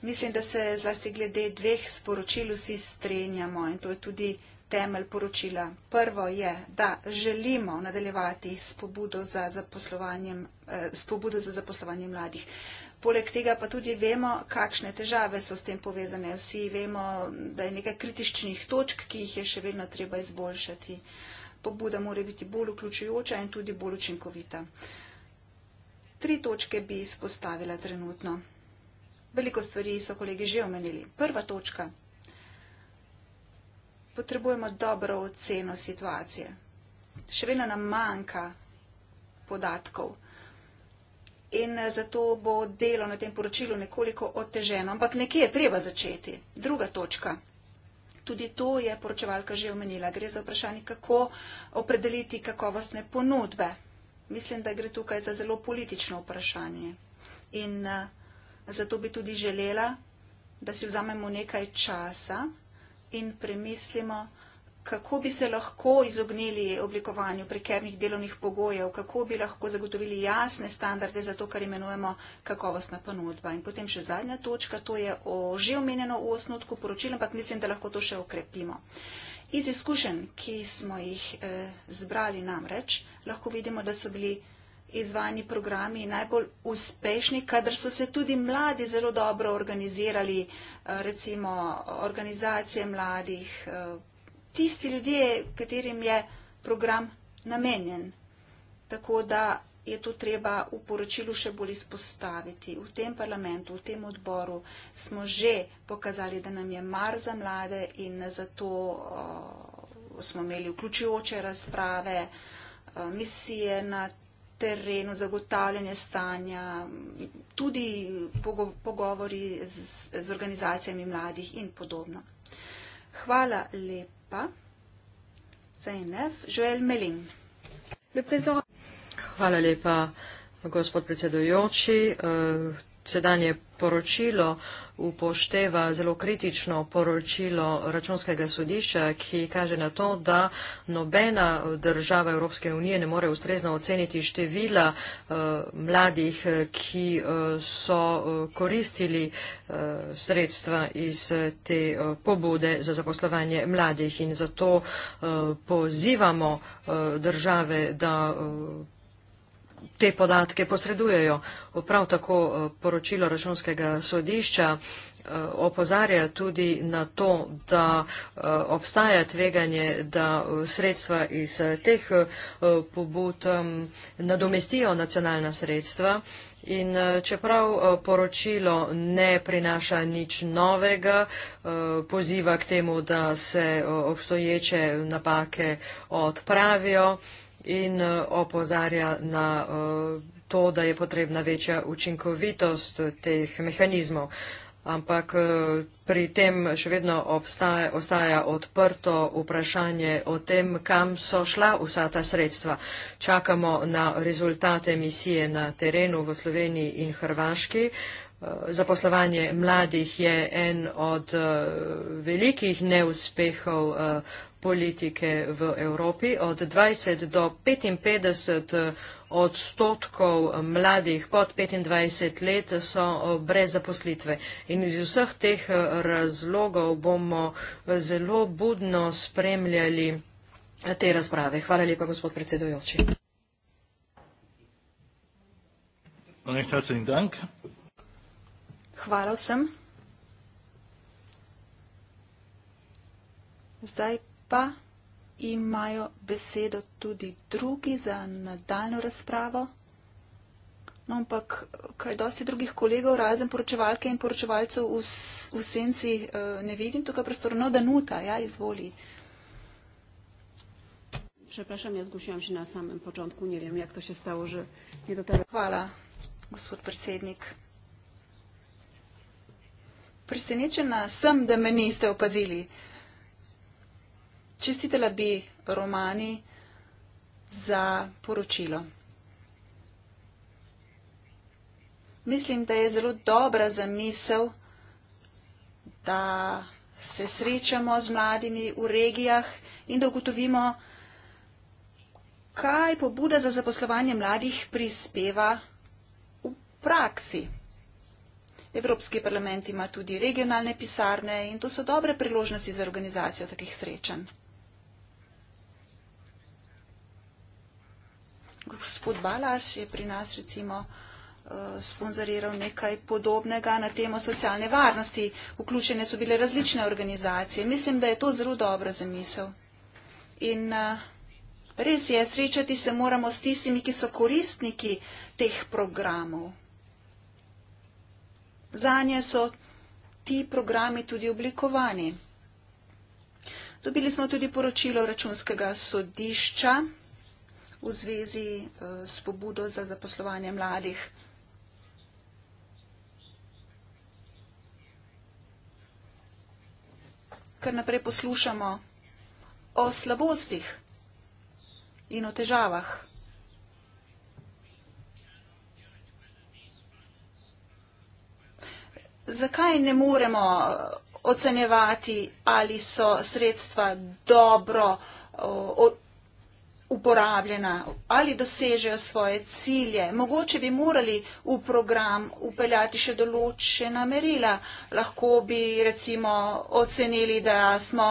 Mislim, da se zlasti glede dveh sporočil vsi strenjamo in to je tudi temelj poročila. Prvo je, da želimo nadaljevati s pobudo za zaposlovanjem, eh, s pobudo za zaposlovanjem mladih. Poleg tega pa tudi vemo, kakšne težave so s tem povezane. Vsi vemo, da je nekaj kritičnih točk, ki jih je še vedno treba izboljšati. Eh, pobuda mora biti bolj vključujoča in tudi bolj učinkovita. Tri točke bi izpostavila trenutno. Veliko stvari so kolegi že omenili. Prva točka. Potrebujemo dobro oceno situacije. Še vedno nam manjka podatkov. In zato bo delo na tem poročilu nekoliko oteženo, ampak nekje je treba začeti. Druga točka. Tudi to je poročevalka že omenila. Gre za vprašanje, kako opredeliti kakovostne ponudbe. Mislim, da gre tukaj za zelo politično vprašanje. In eh, zato bi tudi želela, da si vzamemo nekaj časa in premislimo, kako bi se lahko izognili oblikovanju prekernih delovnih pogojev, kako bi lahko zagotovili jasne standarde za to, kar imenujemo kakovostna ponudba. In potem še zadnja točka, to je o že omenjeno v osnutku poročila, ampak mislim, da lahko to še okrepimo. Iz izkušenj, ki smo jih eh, zbrali namreč, lahko vidimo, da so bili izvajani programi najbolj uspešni, kadar so se tudi mladi zelo dobro organizirali, eh, recimo organizacije mladih. Eh, tisti ljudje, katerim je program namenjen. Tako da je to treba v poročilu še bolj izpostaviti. V tem parlamentu, v tem odboru smo že pokazali, da nam je mar za mlade in zato uh, smo imeli vključujoče razprave, uh, misije na terenu, zagotavljanje stanja, tudi pogo pogovori z, z organizacijami mladih in podobno. Hvala lepa pa. ZNF, Joel Melin. Le prezor... Hvala lepa, gospod predsedujoči. Eh, sedanje poročilo upošteva zelo kritično poročilo računskega sodišča, ki kaže na to, da nobena država Evropske unije ne more ustrezno oceniti števila uh, mladih, ki uh, so eh, koristili uh, sredstva iz te uh, pobude za zaposlovanje mladih in zato uh, pozivamo uh, države, da uh, te podatke posredujejo. Prav tako eh, poročilo računskega sodišča eh, opozarja tudi na to, da eh, obstaja tveganje, da sredstva iz teh pobud nadomestijo nacionalna sredstva. In čeprav poročilo ne prinaša nič novega, poziva k temu, da se obstoječe napake odpravijo, in eh, opozarja na eh, to, da je potrebna večja učinkovitost teh mehanizmov. Ampak eh, pri tem še vedno obstaja, ostaja odprto vprašanje o tem, kam so šla vsa ta sredstva. Čakamo na rezultate misije na terenu v Sloveniji in Hrvaški. Zaposlovanje mladih je en od velikih neuspehov politike v Evropi. Od 20 do 55 odstotkov mladih pod 25 let so eh, brez zaposlitve. In iz vseh teh eh, razlogov bomo eh, zelo budno spremljali te razprave. Hvala lepa, gospod predsedujoči. Hvala vsem. Zdaj pa imajo besedo tudi drugi za nadaljno razpravo. No, ampak kaj dosti drugih kolegov, razen poročevalke in poročevalcev v, v senci, eh, ne vidim tukaj prostora. No, Danuta, ja, izvoli. Przepraszam, ja zgłosiłam się na samym początku. Nie wiem, jak to się stało, że nie dotarłam. Chwała, gospod przesiednik. Przesiedniczy na sam, da mnie nie opazili. opazili čestitela bi Romani za poročilo. Mislim, da je zelo dobra zamisel, da se srečamo z mladimi v regijah in da ugotovimo, kaj pobuda za zaposlovanje mladih prispeva v praksi. Evropski parlament ima tudi regionalne pisarne in to so dobre priložnosti za organizacijo takih srečanj. gospod Balas je pri nas recimo eh, sponzoriral nekaj podobnega na temo socialne varnosti. Vključene so bile različne organizacije. Mislim, da je to zelo dobra zamisel. In eh, res je, srečati se moramo s tistimi, ki so koristniki teh programov. Zanje so ti programi tudi oblikovani. Dobili smo tudi poročilo računskega sodišča v zvezi eh, s pobudo za zaposlovanje mladih. Kar naprej poslušamo o slabostih in o težavah. Zakaj ne moremo eh, ocenjevati, ali so sredstva dobro eh, uporabljena, ali dosežejo svoje cilje. Mogoče bi morali v program upeljati še določena merila. Lahko bi recimo ocenili, da smo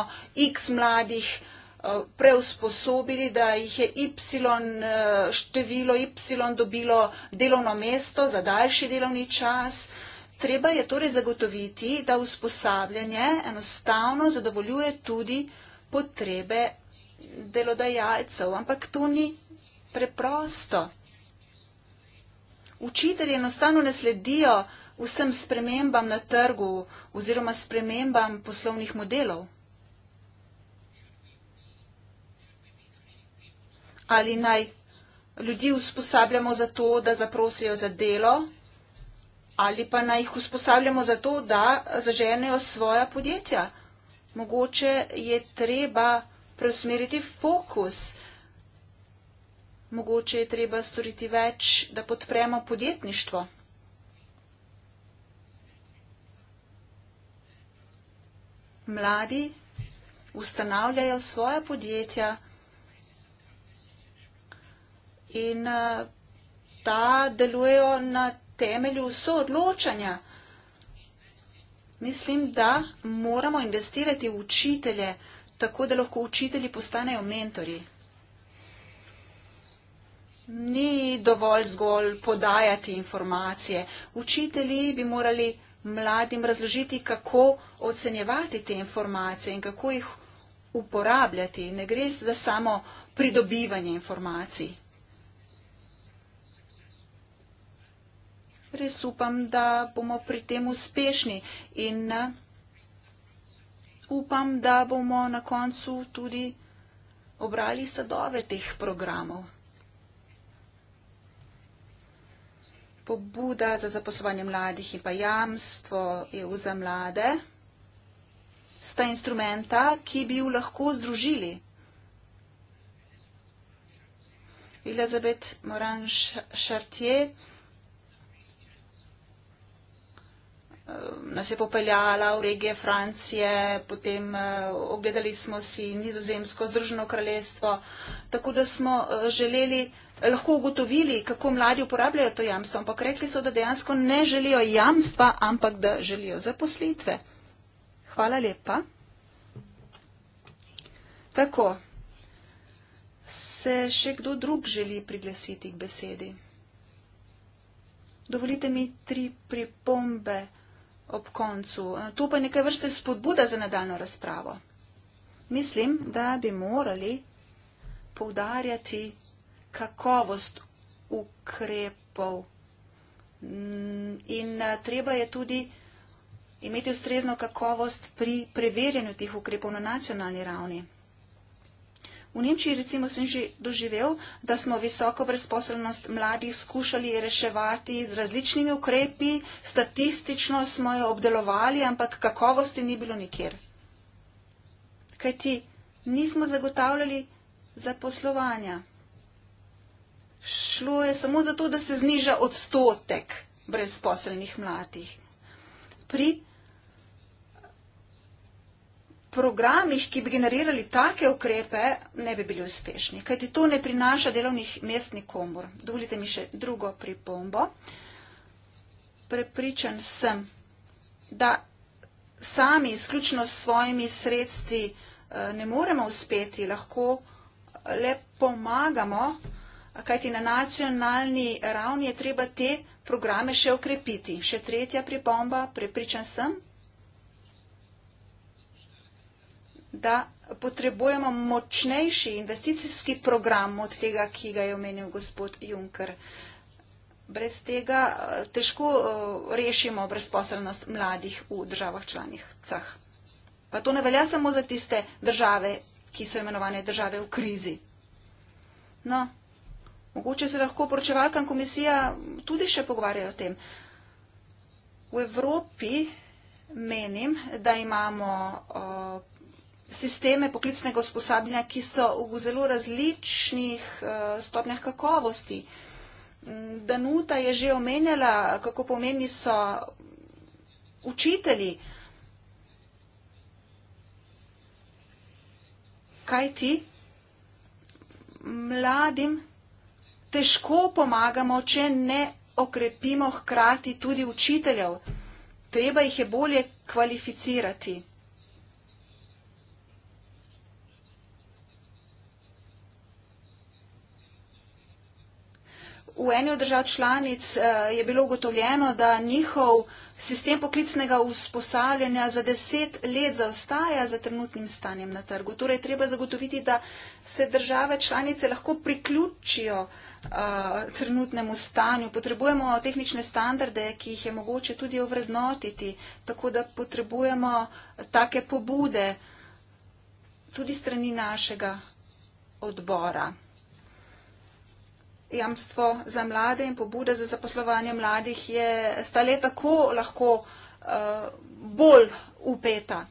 x mladih eh, preusposobili, da jih je y, eh, število y dobilo delovno mesto za daljši delovni čas. Treba je torej zagotoviti, da usposabljanje enostavno zadovoljuje tudi potrebe delodajalcev, ampak to ni preprosto. Učitelji enostavno ne sledijo vsem spremembam na trgu oziroma spremembam poslovnih modelov. Ali naj ljudi usposabljamo za to, da zaprosijo za delo, ali pa naj jih usposabljamo za to, da zaženejo svoja podjetja. Mogoče je treba preusmeriti fokus. Mogoče je treba storiti več, da podpremo podjetništvo. Mladi ustanavljajo svoje podjetja in eh, ta delujejo na temelju soodločanja. Mislim, da moramo investirati v učitelje tako, da lahko učitelji postanejo mentori. Ni dovolj zgolj podajati informacije. Učitelji bi morali mladim razložiti, kako ocenjevati te informacije in kako jih uporabljati. Ne gre za samo pridobivanje informacij. Res upam, da bomo pri tem uspešni in upam, da bomo na koncu tudi obrali sadove teh programov. Pobuda za zaposlovanje mladih in pa jamstvo EU za mlade sta instrumenta, ki bi ju lahko združili. Elizabeth Moran Chartier. -Char Eh, nas je popeljala v regije Francije, potem eh, ogledali smo si nizozemsko združeno kraljestvo, tako da smo eh, želeli, lahko ugotovili, kako mladi uporabljajo to jamstvo, ampak rekli so, da dejansko ne želijo jamstva, ampak da želijo zaposlitve. Hvala lepa. Tako, se še kdo drug želi priglesiti k besedi? Dovolite mi tri pripombe ob koncu. Eh, to pa je nekaj vrste spodbuda za nadaljno razpravo. Mislim, da bi morali poudarjati kakovost ukrepov. Mm, in eh, treba je tudi imeti ustrezno kakovost pri preverjanju tih ukrepov na nacionalni ravni. V Nemčiji recimo sem že doživel, da smo visoko brezposelnost mladih skušali reševati z različnimi ukrepi, statistično smo jo obdelovali, ampak kakovosti ni bilo nikjer. Kaj ti nismo zagotavljali zaposlovanja? Šlo je samo zato, da se zniža odstotek brezposelnih mladih. Pri programih, ki bi generirali take ukrepe, ne bi bili uspešni, kajti to ne prinaša delovnih mest nikomor. Dovolite mi še drugo pripombo. Prepričan sem, da sami izključno s svojimi sredstvi eh, ne moremo uspeti, lahko le pomagamo, kajti na nacionalni ravni je treba te programe še ukrepiti. Še tretja pripomba, prepričan sem, da potrebujemo močnejši investicijski program od tega, ki ga je omenil gospod Juncker. Brez tega eh, težko eh, rešimo brezposelnost mladih v državah članicah. Pa to ne velja samo za tiste države, ki so imenovane države v krizi. No, mogoče se lahko poročevalka in komisija tudi še pogovarjajo o tem. V Evropi menim, da imamo eh, sisteme poklicnega usposabljanja, ki so v zelo različnih eh, stopnjah kakovosti. Mm, Danuta je že omenjala, kako pomeni so učitelji. Kaj ti? Mladim težko pomagamo, če ne okrepimo hkrati tudi učiteljev. Treba jih je bolje kvalificirati. V eni od držav članic eh, je bilo ugotovljeno, da njihov sistem poklicnega usposabljanja za deset let zaostaja za trenutnim stanjem na trgu. Torej, treba zagotoviti, da se države članice lahko priključijo eh, trenutnemu stanju. Potrebujemo tehnične standarde, ki jih je mogoče tudi ovrednotiti, tako da potrebujemo take pobude tudi strani našega odbora jamstvo za mlade in pobude za zaposlovanje mladih je stale tako lahko eh, bolj upeta.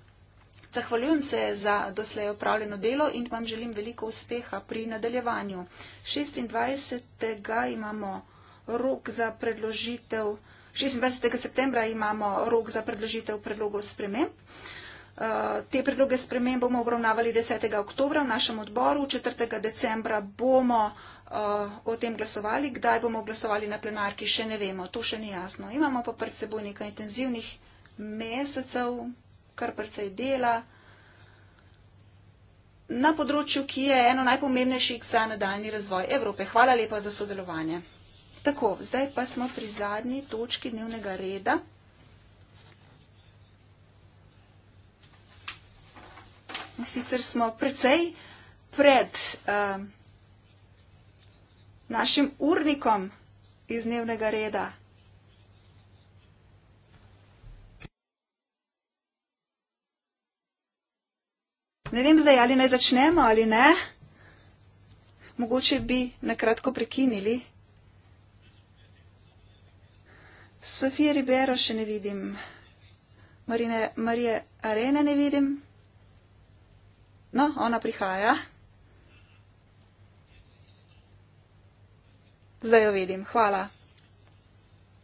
Zahvaljujem se za doslej opravljeno delo in vam želim veliko uspeha pri nadaljevanju. 26. imamo rok za predložitev. 26. septembra imamo rok za predložitev predlogov sprememb. Eh, te predloge sprememb bomo obravnavali 10. oktobra v našem odboru. 4. decembra bomo uh, Eh, o tem glasovali. Kdaj bomo glasovali na plenarki, še ne vemo, to še ni jasno. Imamo pa pred seboj nekaj intenzivnih mesecev, kar precej dela. Na področju, ki je eno najpomembnejših za nadaljni razvoj Evrope. Hvala lepa za sodelovanje. Tako, zdaj pa smo pri zadnji točki dnevnega reda. Sicer smo precej pred. Uh, našim urnikom iz dnevnega reda. Ne vem zdaj, ali naj začnemo ali ne. Mogoče bi nakratko prekinili. Sofije Ribero še ne vidim. Marine, Marije Arene ne vidim. No, ona prihaja. Zdaj jo vidim, hvala.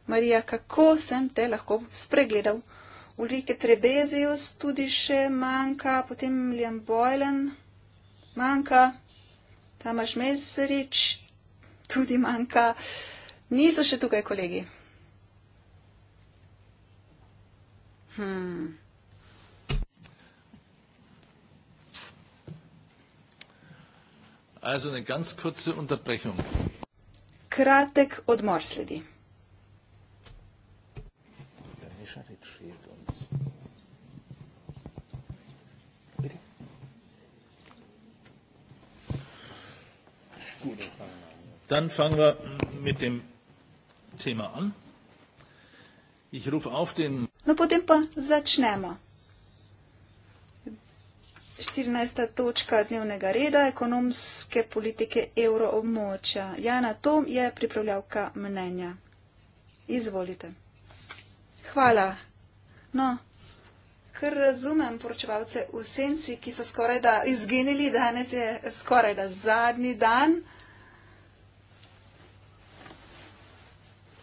Marija, kako sem te lahko spregledal? Ulrike Trebezius tudi še manjka, potem Liam Boylan manjka, Tamaš Meserič tudi manjka. Niso še tukaj kolegi. Hmm. Also eine ganz kurze Unterbrechung kratek odmor sledi. Dann fangen wir mit dem Thema an. Ich rufe auf den. No, potem pa začnemo. 14. točka dnevnega reda ekonomske politike evroobmočja. Jana Tom je pripravljavka mnenja. Izvolite. Hvala. No, ker razumem poročevalce v senci, ki so skoraj da izginili, danes je skoraj da zadnji dan.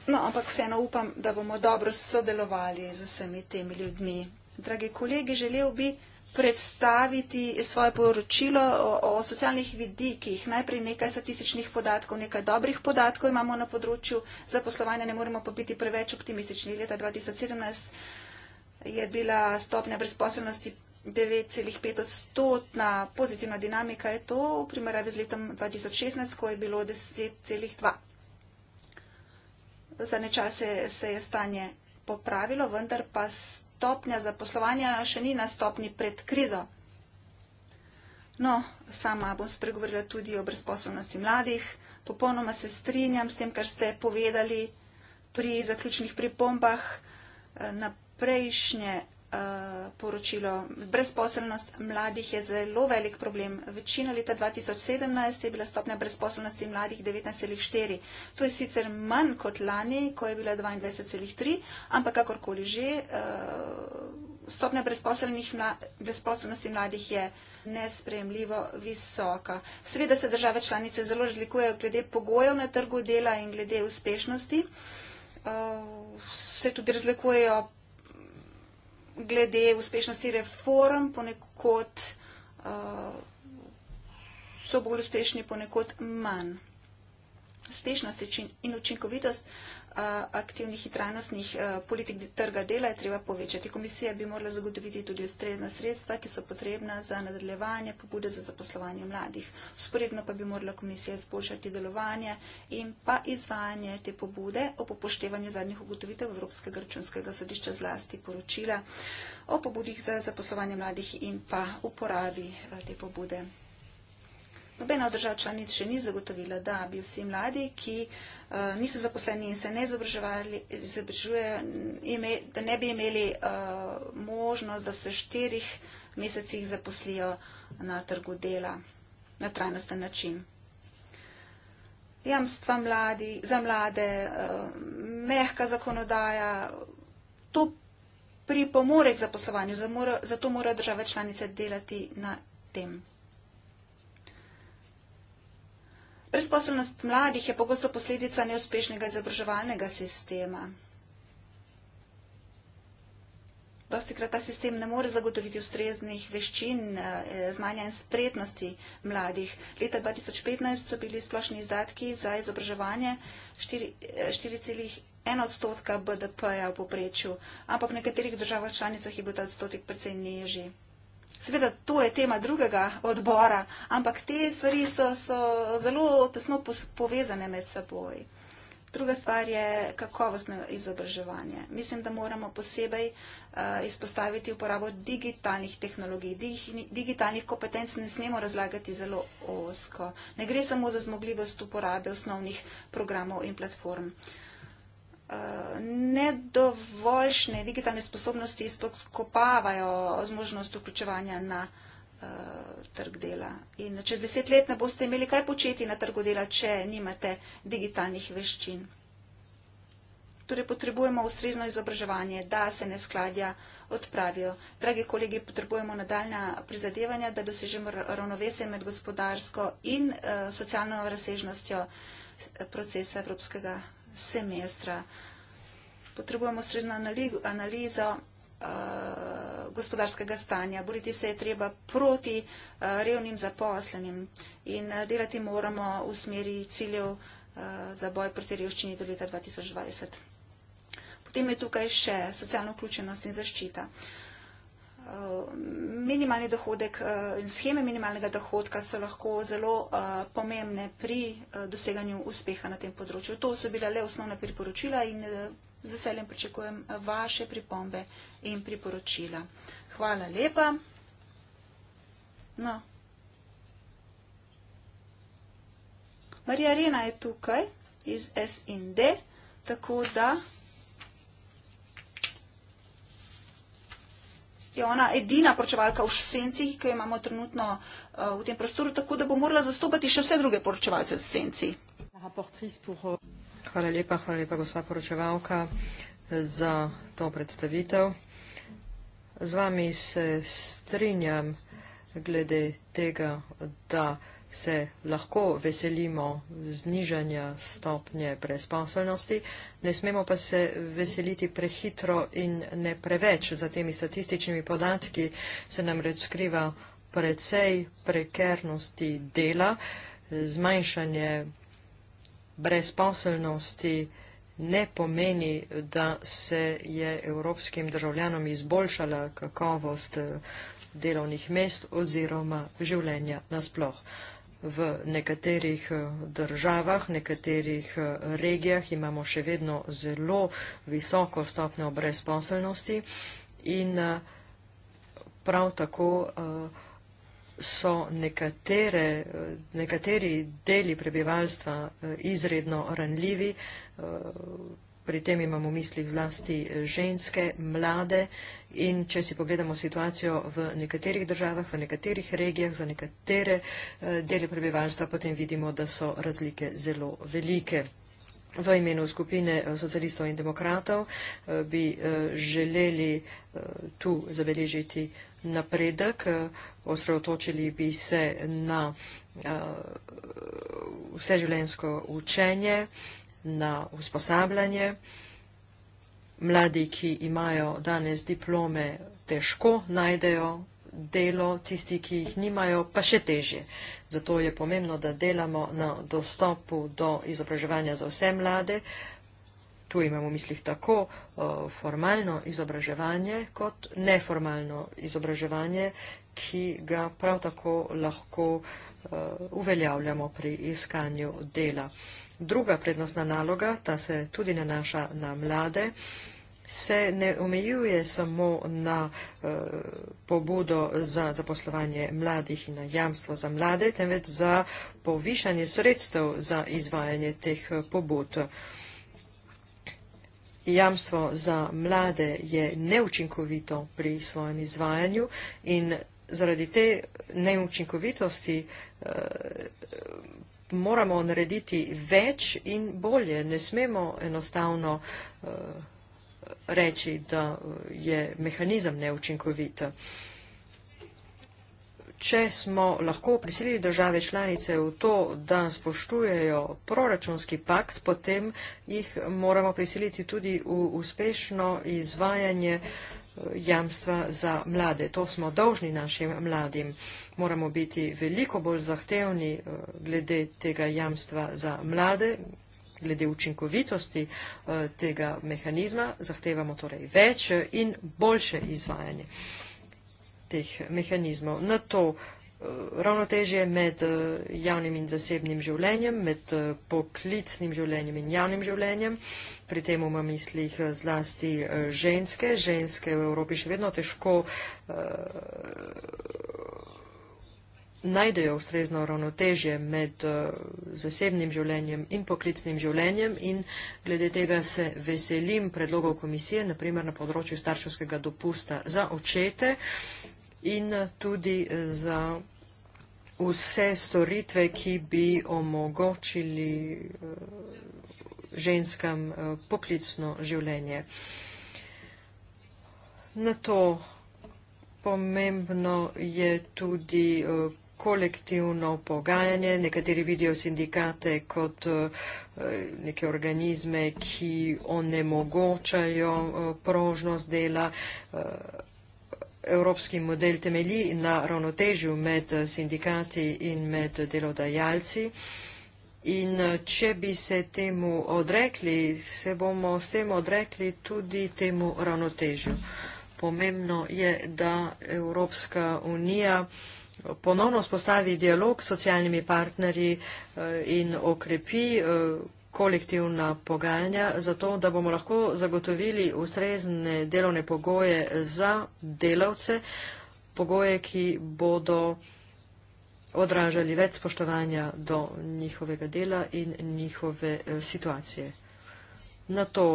No, ampak vseeno upam, da bomo dobro sodelovali z vsemi temi ljudmi. Dragi kolegi, želel bi predstaviti svoje poročilo o, o socialnih vidikih. Najprej nekaj statističnih podatkov, nekaj dobrih podatkov imamo na področju zaposlovanja, ne moremo pa biti preveč optimistični. Leta 2017 je bila stopnja brezposelnosti 9,5 odstotna, pozitivna dinamika je to v primerjavi z letom 2016, ko je bilo 10,2. Za nečase se je stanje popravilo, vendar pa stopnja zaposlovanja še ni na stopni pred krizo. No, sama bom spregovorila tudi o brezposobnosti mladih. Popolnoma se strinjam s tem, kar ste povedali pri zaključnih pripombah na prejšnje Eh, poročilo. Brezposelnost mladih je zelo velik problem. Večina leta 2017 je bila stopnja brezposelnosti mladih 19,4. To je sicer manj kot lani, ko je bila 22,3, ampak kakorkoli že, eh, stopnja brezposelnosti mladih je nespremljivo visoka. Seveda se države članice zelo razlikujejo glede pogojev na trgu dela in glede uspešnosti. Eh, se tudi razlikujejo glede uspešnosti reform, ponekod uh, so bolj uspešni, ponekod manj. Uspešnost in učinkovitost uh, aktivnih in trajnostnih politik trga dela je treba povečati. Komisija bi morala zagotoviti tudi ustrezna sredstva, ki so potrebna za nadaljevanje pobude za zaposlovanje mladih. Sporedno pa bi morala komisija izboljšati delovanje in pa izvajanje te pobude ob upoštevanju zadnjih ugotovitev Evropskega računskega sodišča zlasti poročila o pobudih za zaposlovanje mladih in pa uporabi te pobude. Nobena od držav članic še ni zagotovila, da bi vsi mladi, ki uh, niso zaposleni in se ne izobražujejo, da ne bi imeli uh, možnost, da se v štirih mesecih zaposlijo na trgu dela na trajnosten način. Jamstva mladi, za mlade, uh, mehka zakonodaja, to pri pomorek zaposlovanju, zato morajo države članice delati na tem. Brezposelnost mladih je pogosto posledica neuspešnega izobraževalnega sistema. Dosti krat ta sistem ne more zagotoviti ustreznih veščin, eh, znanja in spretnosti mladih. Leta 2015 so bili splošni izdatki za izobraževanje 4,1 eh, odstotka BDP-ja v poprečju, ampak v nekaterih državah članicah je bil ta odstotek precej nižji. Seveda, to je tema drugega odbora, ampak te stvari so, so zelo tesno povezane med seboj. Druga stvar je kakovostno izobraževanje. Mislim, da moramo posebej uh, izpostaviti uporabo digitalnih tehnologij. Digitalnih kompetenc ne smemo razlagati zelo osko. Ne gre samo za zmogljivost uporabe osnovnih programov in platform. Uh, nedovoljšne digitalne sposobnosti spokopavajo zmožnost vključevanja na eh, trg dela. In čez deset let ne boste imeli kaj početi na trgu dela, če nimate digitalnih veščin. Torej potrebujemo ustrezno izobraževanje, da se ne skladja odpravijo. Dragi kolegi, potrebujemo nadaljna prizadevanja, da dosežemo ravnovesje med gospodarsko in eh, socialno razsežnostjo eh, procesa Evropskega semestra. Potrebujemo srednjo analizo eh, gospodarskega stanja. Boriti se je treba proti eh, revnim zaposlenim in eh, delati moramo v smeri ciljev za boj proti revščini do leta 2020. Potem je tukaj še socialna vključenost in zaščita. Eh, minimalni dohodek eh, in scheme minimalnega dohodka so lahko zelo eh, pomembne pri doseganju uspeha na tem področju. To so bila le osnovna priporočila in z veseljem pričakujem vaše pripombe in priporočila. Hvala lepa. No. Marija Rena je tukaj iz SND, tako da je ona edina poročevalka v senci, ki jo imamo trenutno uh, v tem prostoru, tako da bo morala zastopati še vse druge poročevalce v senci. Euh, hvala lepa, hvala lepa, gospa poročevalka, za to predstavitev. Z vami se strinjam glede tega, da se lahko veselimo znižanja stopnje brezposelnosti, ne smemo pa se veseliti prehitro in ne preveč. Za temi statističnimi podatki se nam reč skriva precej prekernosti dela, zmanjšanje brezposelnosti ne pomeni, da se je evropskim državljanom izboljšala kakovost eh, delovnih mest oziroma življenja nasploh v nekaterih eh, državah, nekaterih eh, regijah imamo še vedno zelo visoko stopnjo brezposelnosti in eh, prav tako so nekatere, nekateri deli prebivalstva izredno ranljivi, pri tem imamo v mislih zlasti ženske, mlade In če si pogledamo situacijo v nekaterih državah, v nekaterih regijah, za nekatere eh, dele prebivalstva, potem vidimo, da so razlike zelo velike. V imenu skupine eh, socialistov in demokratov eh, bi želeli tu zabeležiti napredek, osredotočili bi se na vseživljenjsko učenje, na usposabljanje mladi, ki imajo danes diplome, težko najdejo delo, tisti, ki jih nimajo, pa še težje. Zato je pomembno, da delamo na dostopu do izobraževanja za vse mlade. Tu imamo v mislih tako eh, formalno izobraževanje kot neformalno izobraževanje, ki ga prav tako lahko eh, uveljavljamo pri iskanju dela. Druga prednostna naloga, ta se tudi nanaša na mlade, se ne omejuje samo na eh, pobudo za zaposlovanje mladih in na jamstvo za mlade, temveč za povišanje sredstev za izvajanje teh eh, pobud. Jamstvo za mlade je neučinkovito pri svojem izvajanju in zaradi te neučinkovitosti eh, moramo narediti več in bolje. Ne smemo enostavno reči, da eh, je mehanizem neučinkovit. Če smo lahko prisilili države članice v to, da spoštujejo proračunski pakt, potem jih moramo prisiliti tudi v uspešno izvajanje eh, jamstva za mlade. To smo dolžni našim mladim. Moramo biti veliko bolj zahtevni eh, glede tega jamstva za mlade, glede učinkovitosti eh, tega mehanizma, zahtevamo torej več in boljše izvajanje teh mehanizmov. Na to eh, ravnotežje med eh, javnim in zasebnim življenjem, med poklicnim življenjem in javnim življenjem. Pri tem v mislih zlasti ženske. Ženske v Evropi še vedno težko najdejo ustrezno ravnotežje med eh, zasebnim življenjem in poklicnim življenjem in glede tega se veselim predlogov komisije, naprimer na področju starševskega dopusta za očete in eh, tudi eh, za vse storitve, ki bi omogočili ženskam poklicno življenje. Na to pomembno je tudi kolektivno pogajanje, nekateri vidijo sindikate kot eh, neke organizme, ki onemogočajo eh, prožnost dela. Eh, evropski model temelji na ravnotežju med sindikati in med delodajalci. In če bi se temu odrekli, se bomo s tem odrekli tudi temu ravnotežju. Pomembno je, da Evropska unija ponovno spostavi dialog s socialnimi partnerji eh, in okrepi eh, kolektivna pogajanja, zato da bomo lahko zagotovili ustrezne delovne pogoje za delavce, pogoje, ki bodo odražali več spoštovanja do njihovega dela in njihove eh, situacije. Na to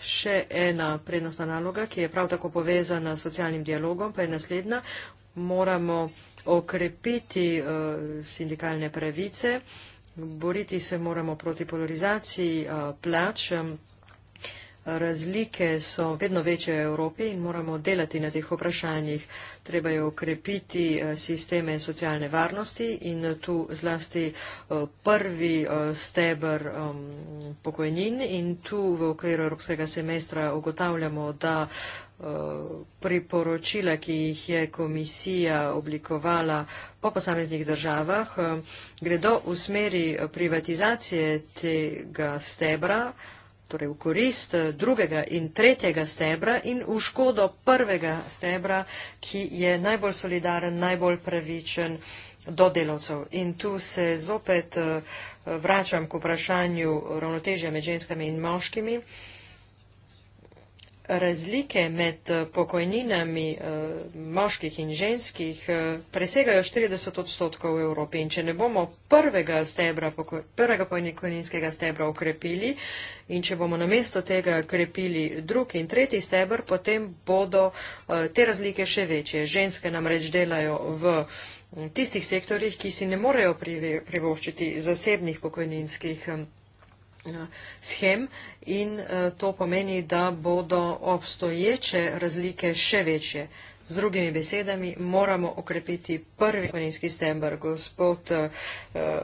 še ena prednostna naloga, ki je prav tako povezana s socialnim dialogom, pa je naslednja moramo okrepiti eh, sindikalne pravice, boriti se moramo proti polarizaciji eh, plač, Razlike so vedno večje v Evropi in moramo delati na teh vprašanjih. Treba je ukrepiti eh, sisteme socialne varnosti in tu zlasti eh, prvi eh, stebr ehm, pokojnin in tu v okviru Evropskega semestra ugotavljamo, da priporočila, ki jih je komisija oblikovala po posameznih državah, gredo v smeri privatizacije tega stebra torej v korist eh, drugega in tretjega stebra in v škodo prvega stebra, ki je najbolj solidaren, najbolj pravičen do delovcev. In tu se zopet eh, vračam k vprašanju ravnotežja med ženskami in moškimi. Uh, razlike med eh, pokojninami eh, moških in ženskih eh, presegajo 40 odstotkov v Evropi. In če ne bomo prvega, stebra, prvega pokojninskega stebra ukrepili in če bomo namesto tega krepili drugi in tretji stebr, potem bodo te razlike še večje. Ženske namreč delajo v tistih sektorjih, ki si ne morejo privoščiti zasebnih pokojninskih schem in eh, to pomeni, da bodo obstoječe razlike še večje. Z drugimi besedami moramo okrepiti prvi pokojninski stebr. Gospod eh,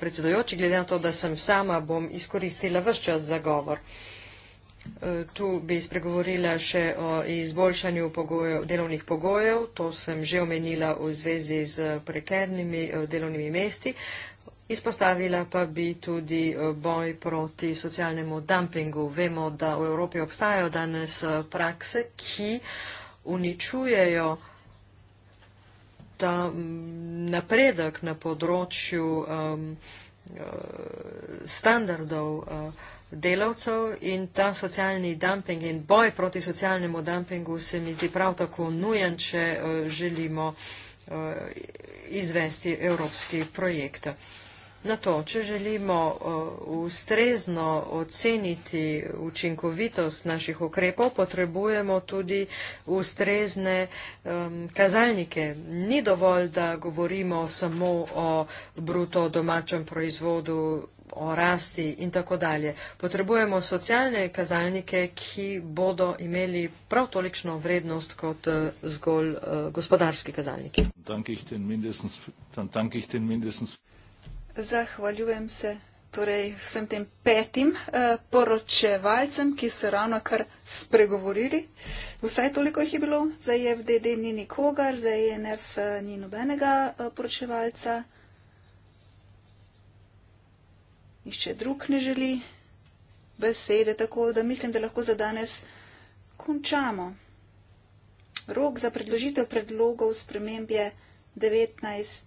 predsedujoči, glede na to, da sem sama, bom izkoristila vse čas za govor. Eh, tu bi spregovorila še o izboljšanju pogojev, delovnih pogojev, to sem že omenila v zvezi z prekernimi delovnimi mesti. Izpostavila pa bi tudi eh, boj proti socialnemu dumpingu. Vemo, da v Evropi obstajajo danes eh, prakse, ki uničujejo ta mm, napredek na področju um, standardov delavcev in ta socialni dumping in boj proti socialnemu dumpingu se mi zdi prav tako nujen, če želimo izvesti evropski projekt. Na to, če želimo uh, ustrezno oceniti učinkovitost naših ukrepov, potrebujemo tudi ustrezne um, kazalnike. Ni dovolj, da govorimo samo o bruto domačem proizvodu, o rasti in tako dalje. Potrebujemo socialne kazalnike, ki bodo imeli prav tolikšno vrednost kot uh, zgolj uh, gospodarski kazalniki. Dan, Zahvaljujem se torej, vsem tem petim eh, poročevalcem, ki so ravno kar spregovorili. Vsaj toliko jih je bilo, za JFDD ni nikogar, za JNF e eh, ni nobenega eh, poročevalca. Nišče drug ne želi besede, tako da mislim, da lahko za danes končamo. Rok za predložitev predlogov sprememb je 19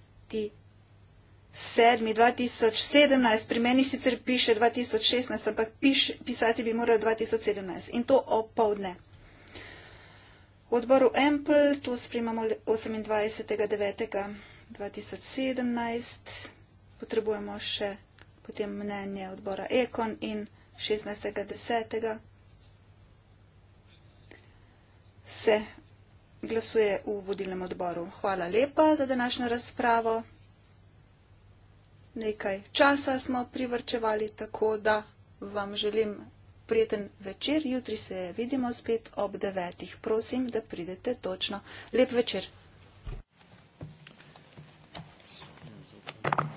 sedmi, 2017, pri meni sicer piše 2016, ampak piš, pisati bi moralo 2017 in to o povdne. V odboru Empl to spremamo 28.9.2017, potrebujemo še potem mnenje odbora Ekon in 16.10. se glasuje v vodilnem odboru. Hvala lepa za današnjo razpravo nekaj časa smo privrčevali, tako da vam želim prijeten večer. Jutri se vidimo spet ob devetih. Prosim, da pridete točno. Lep večer. Thank you.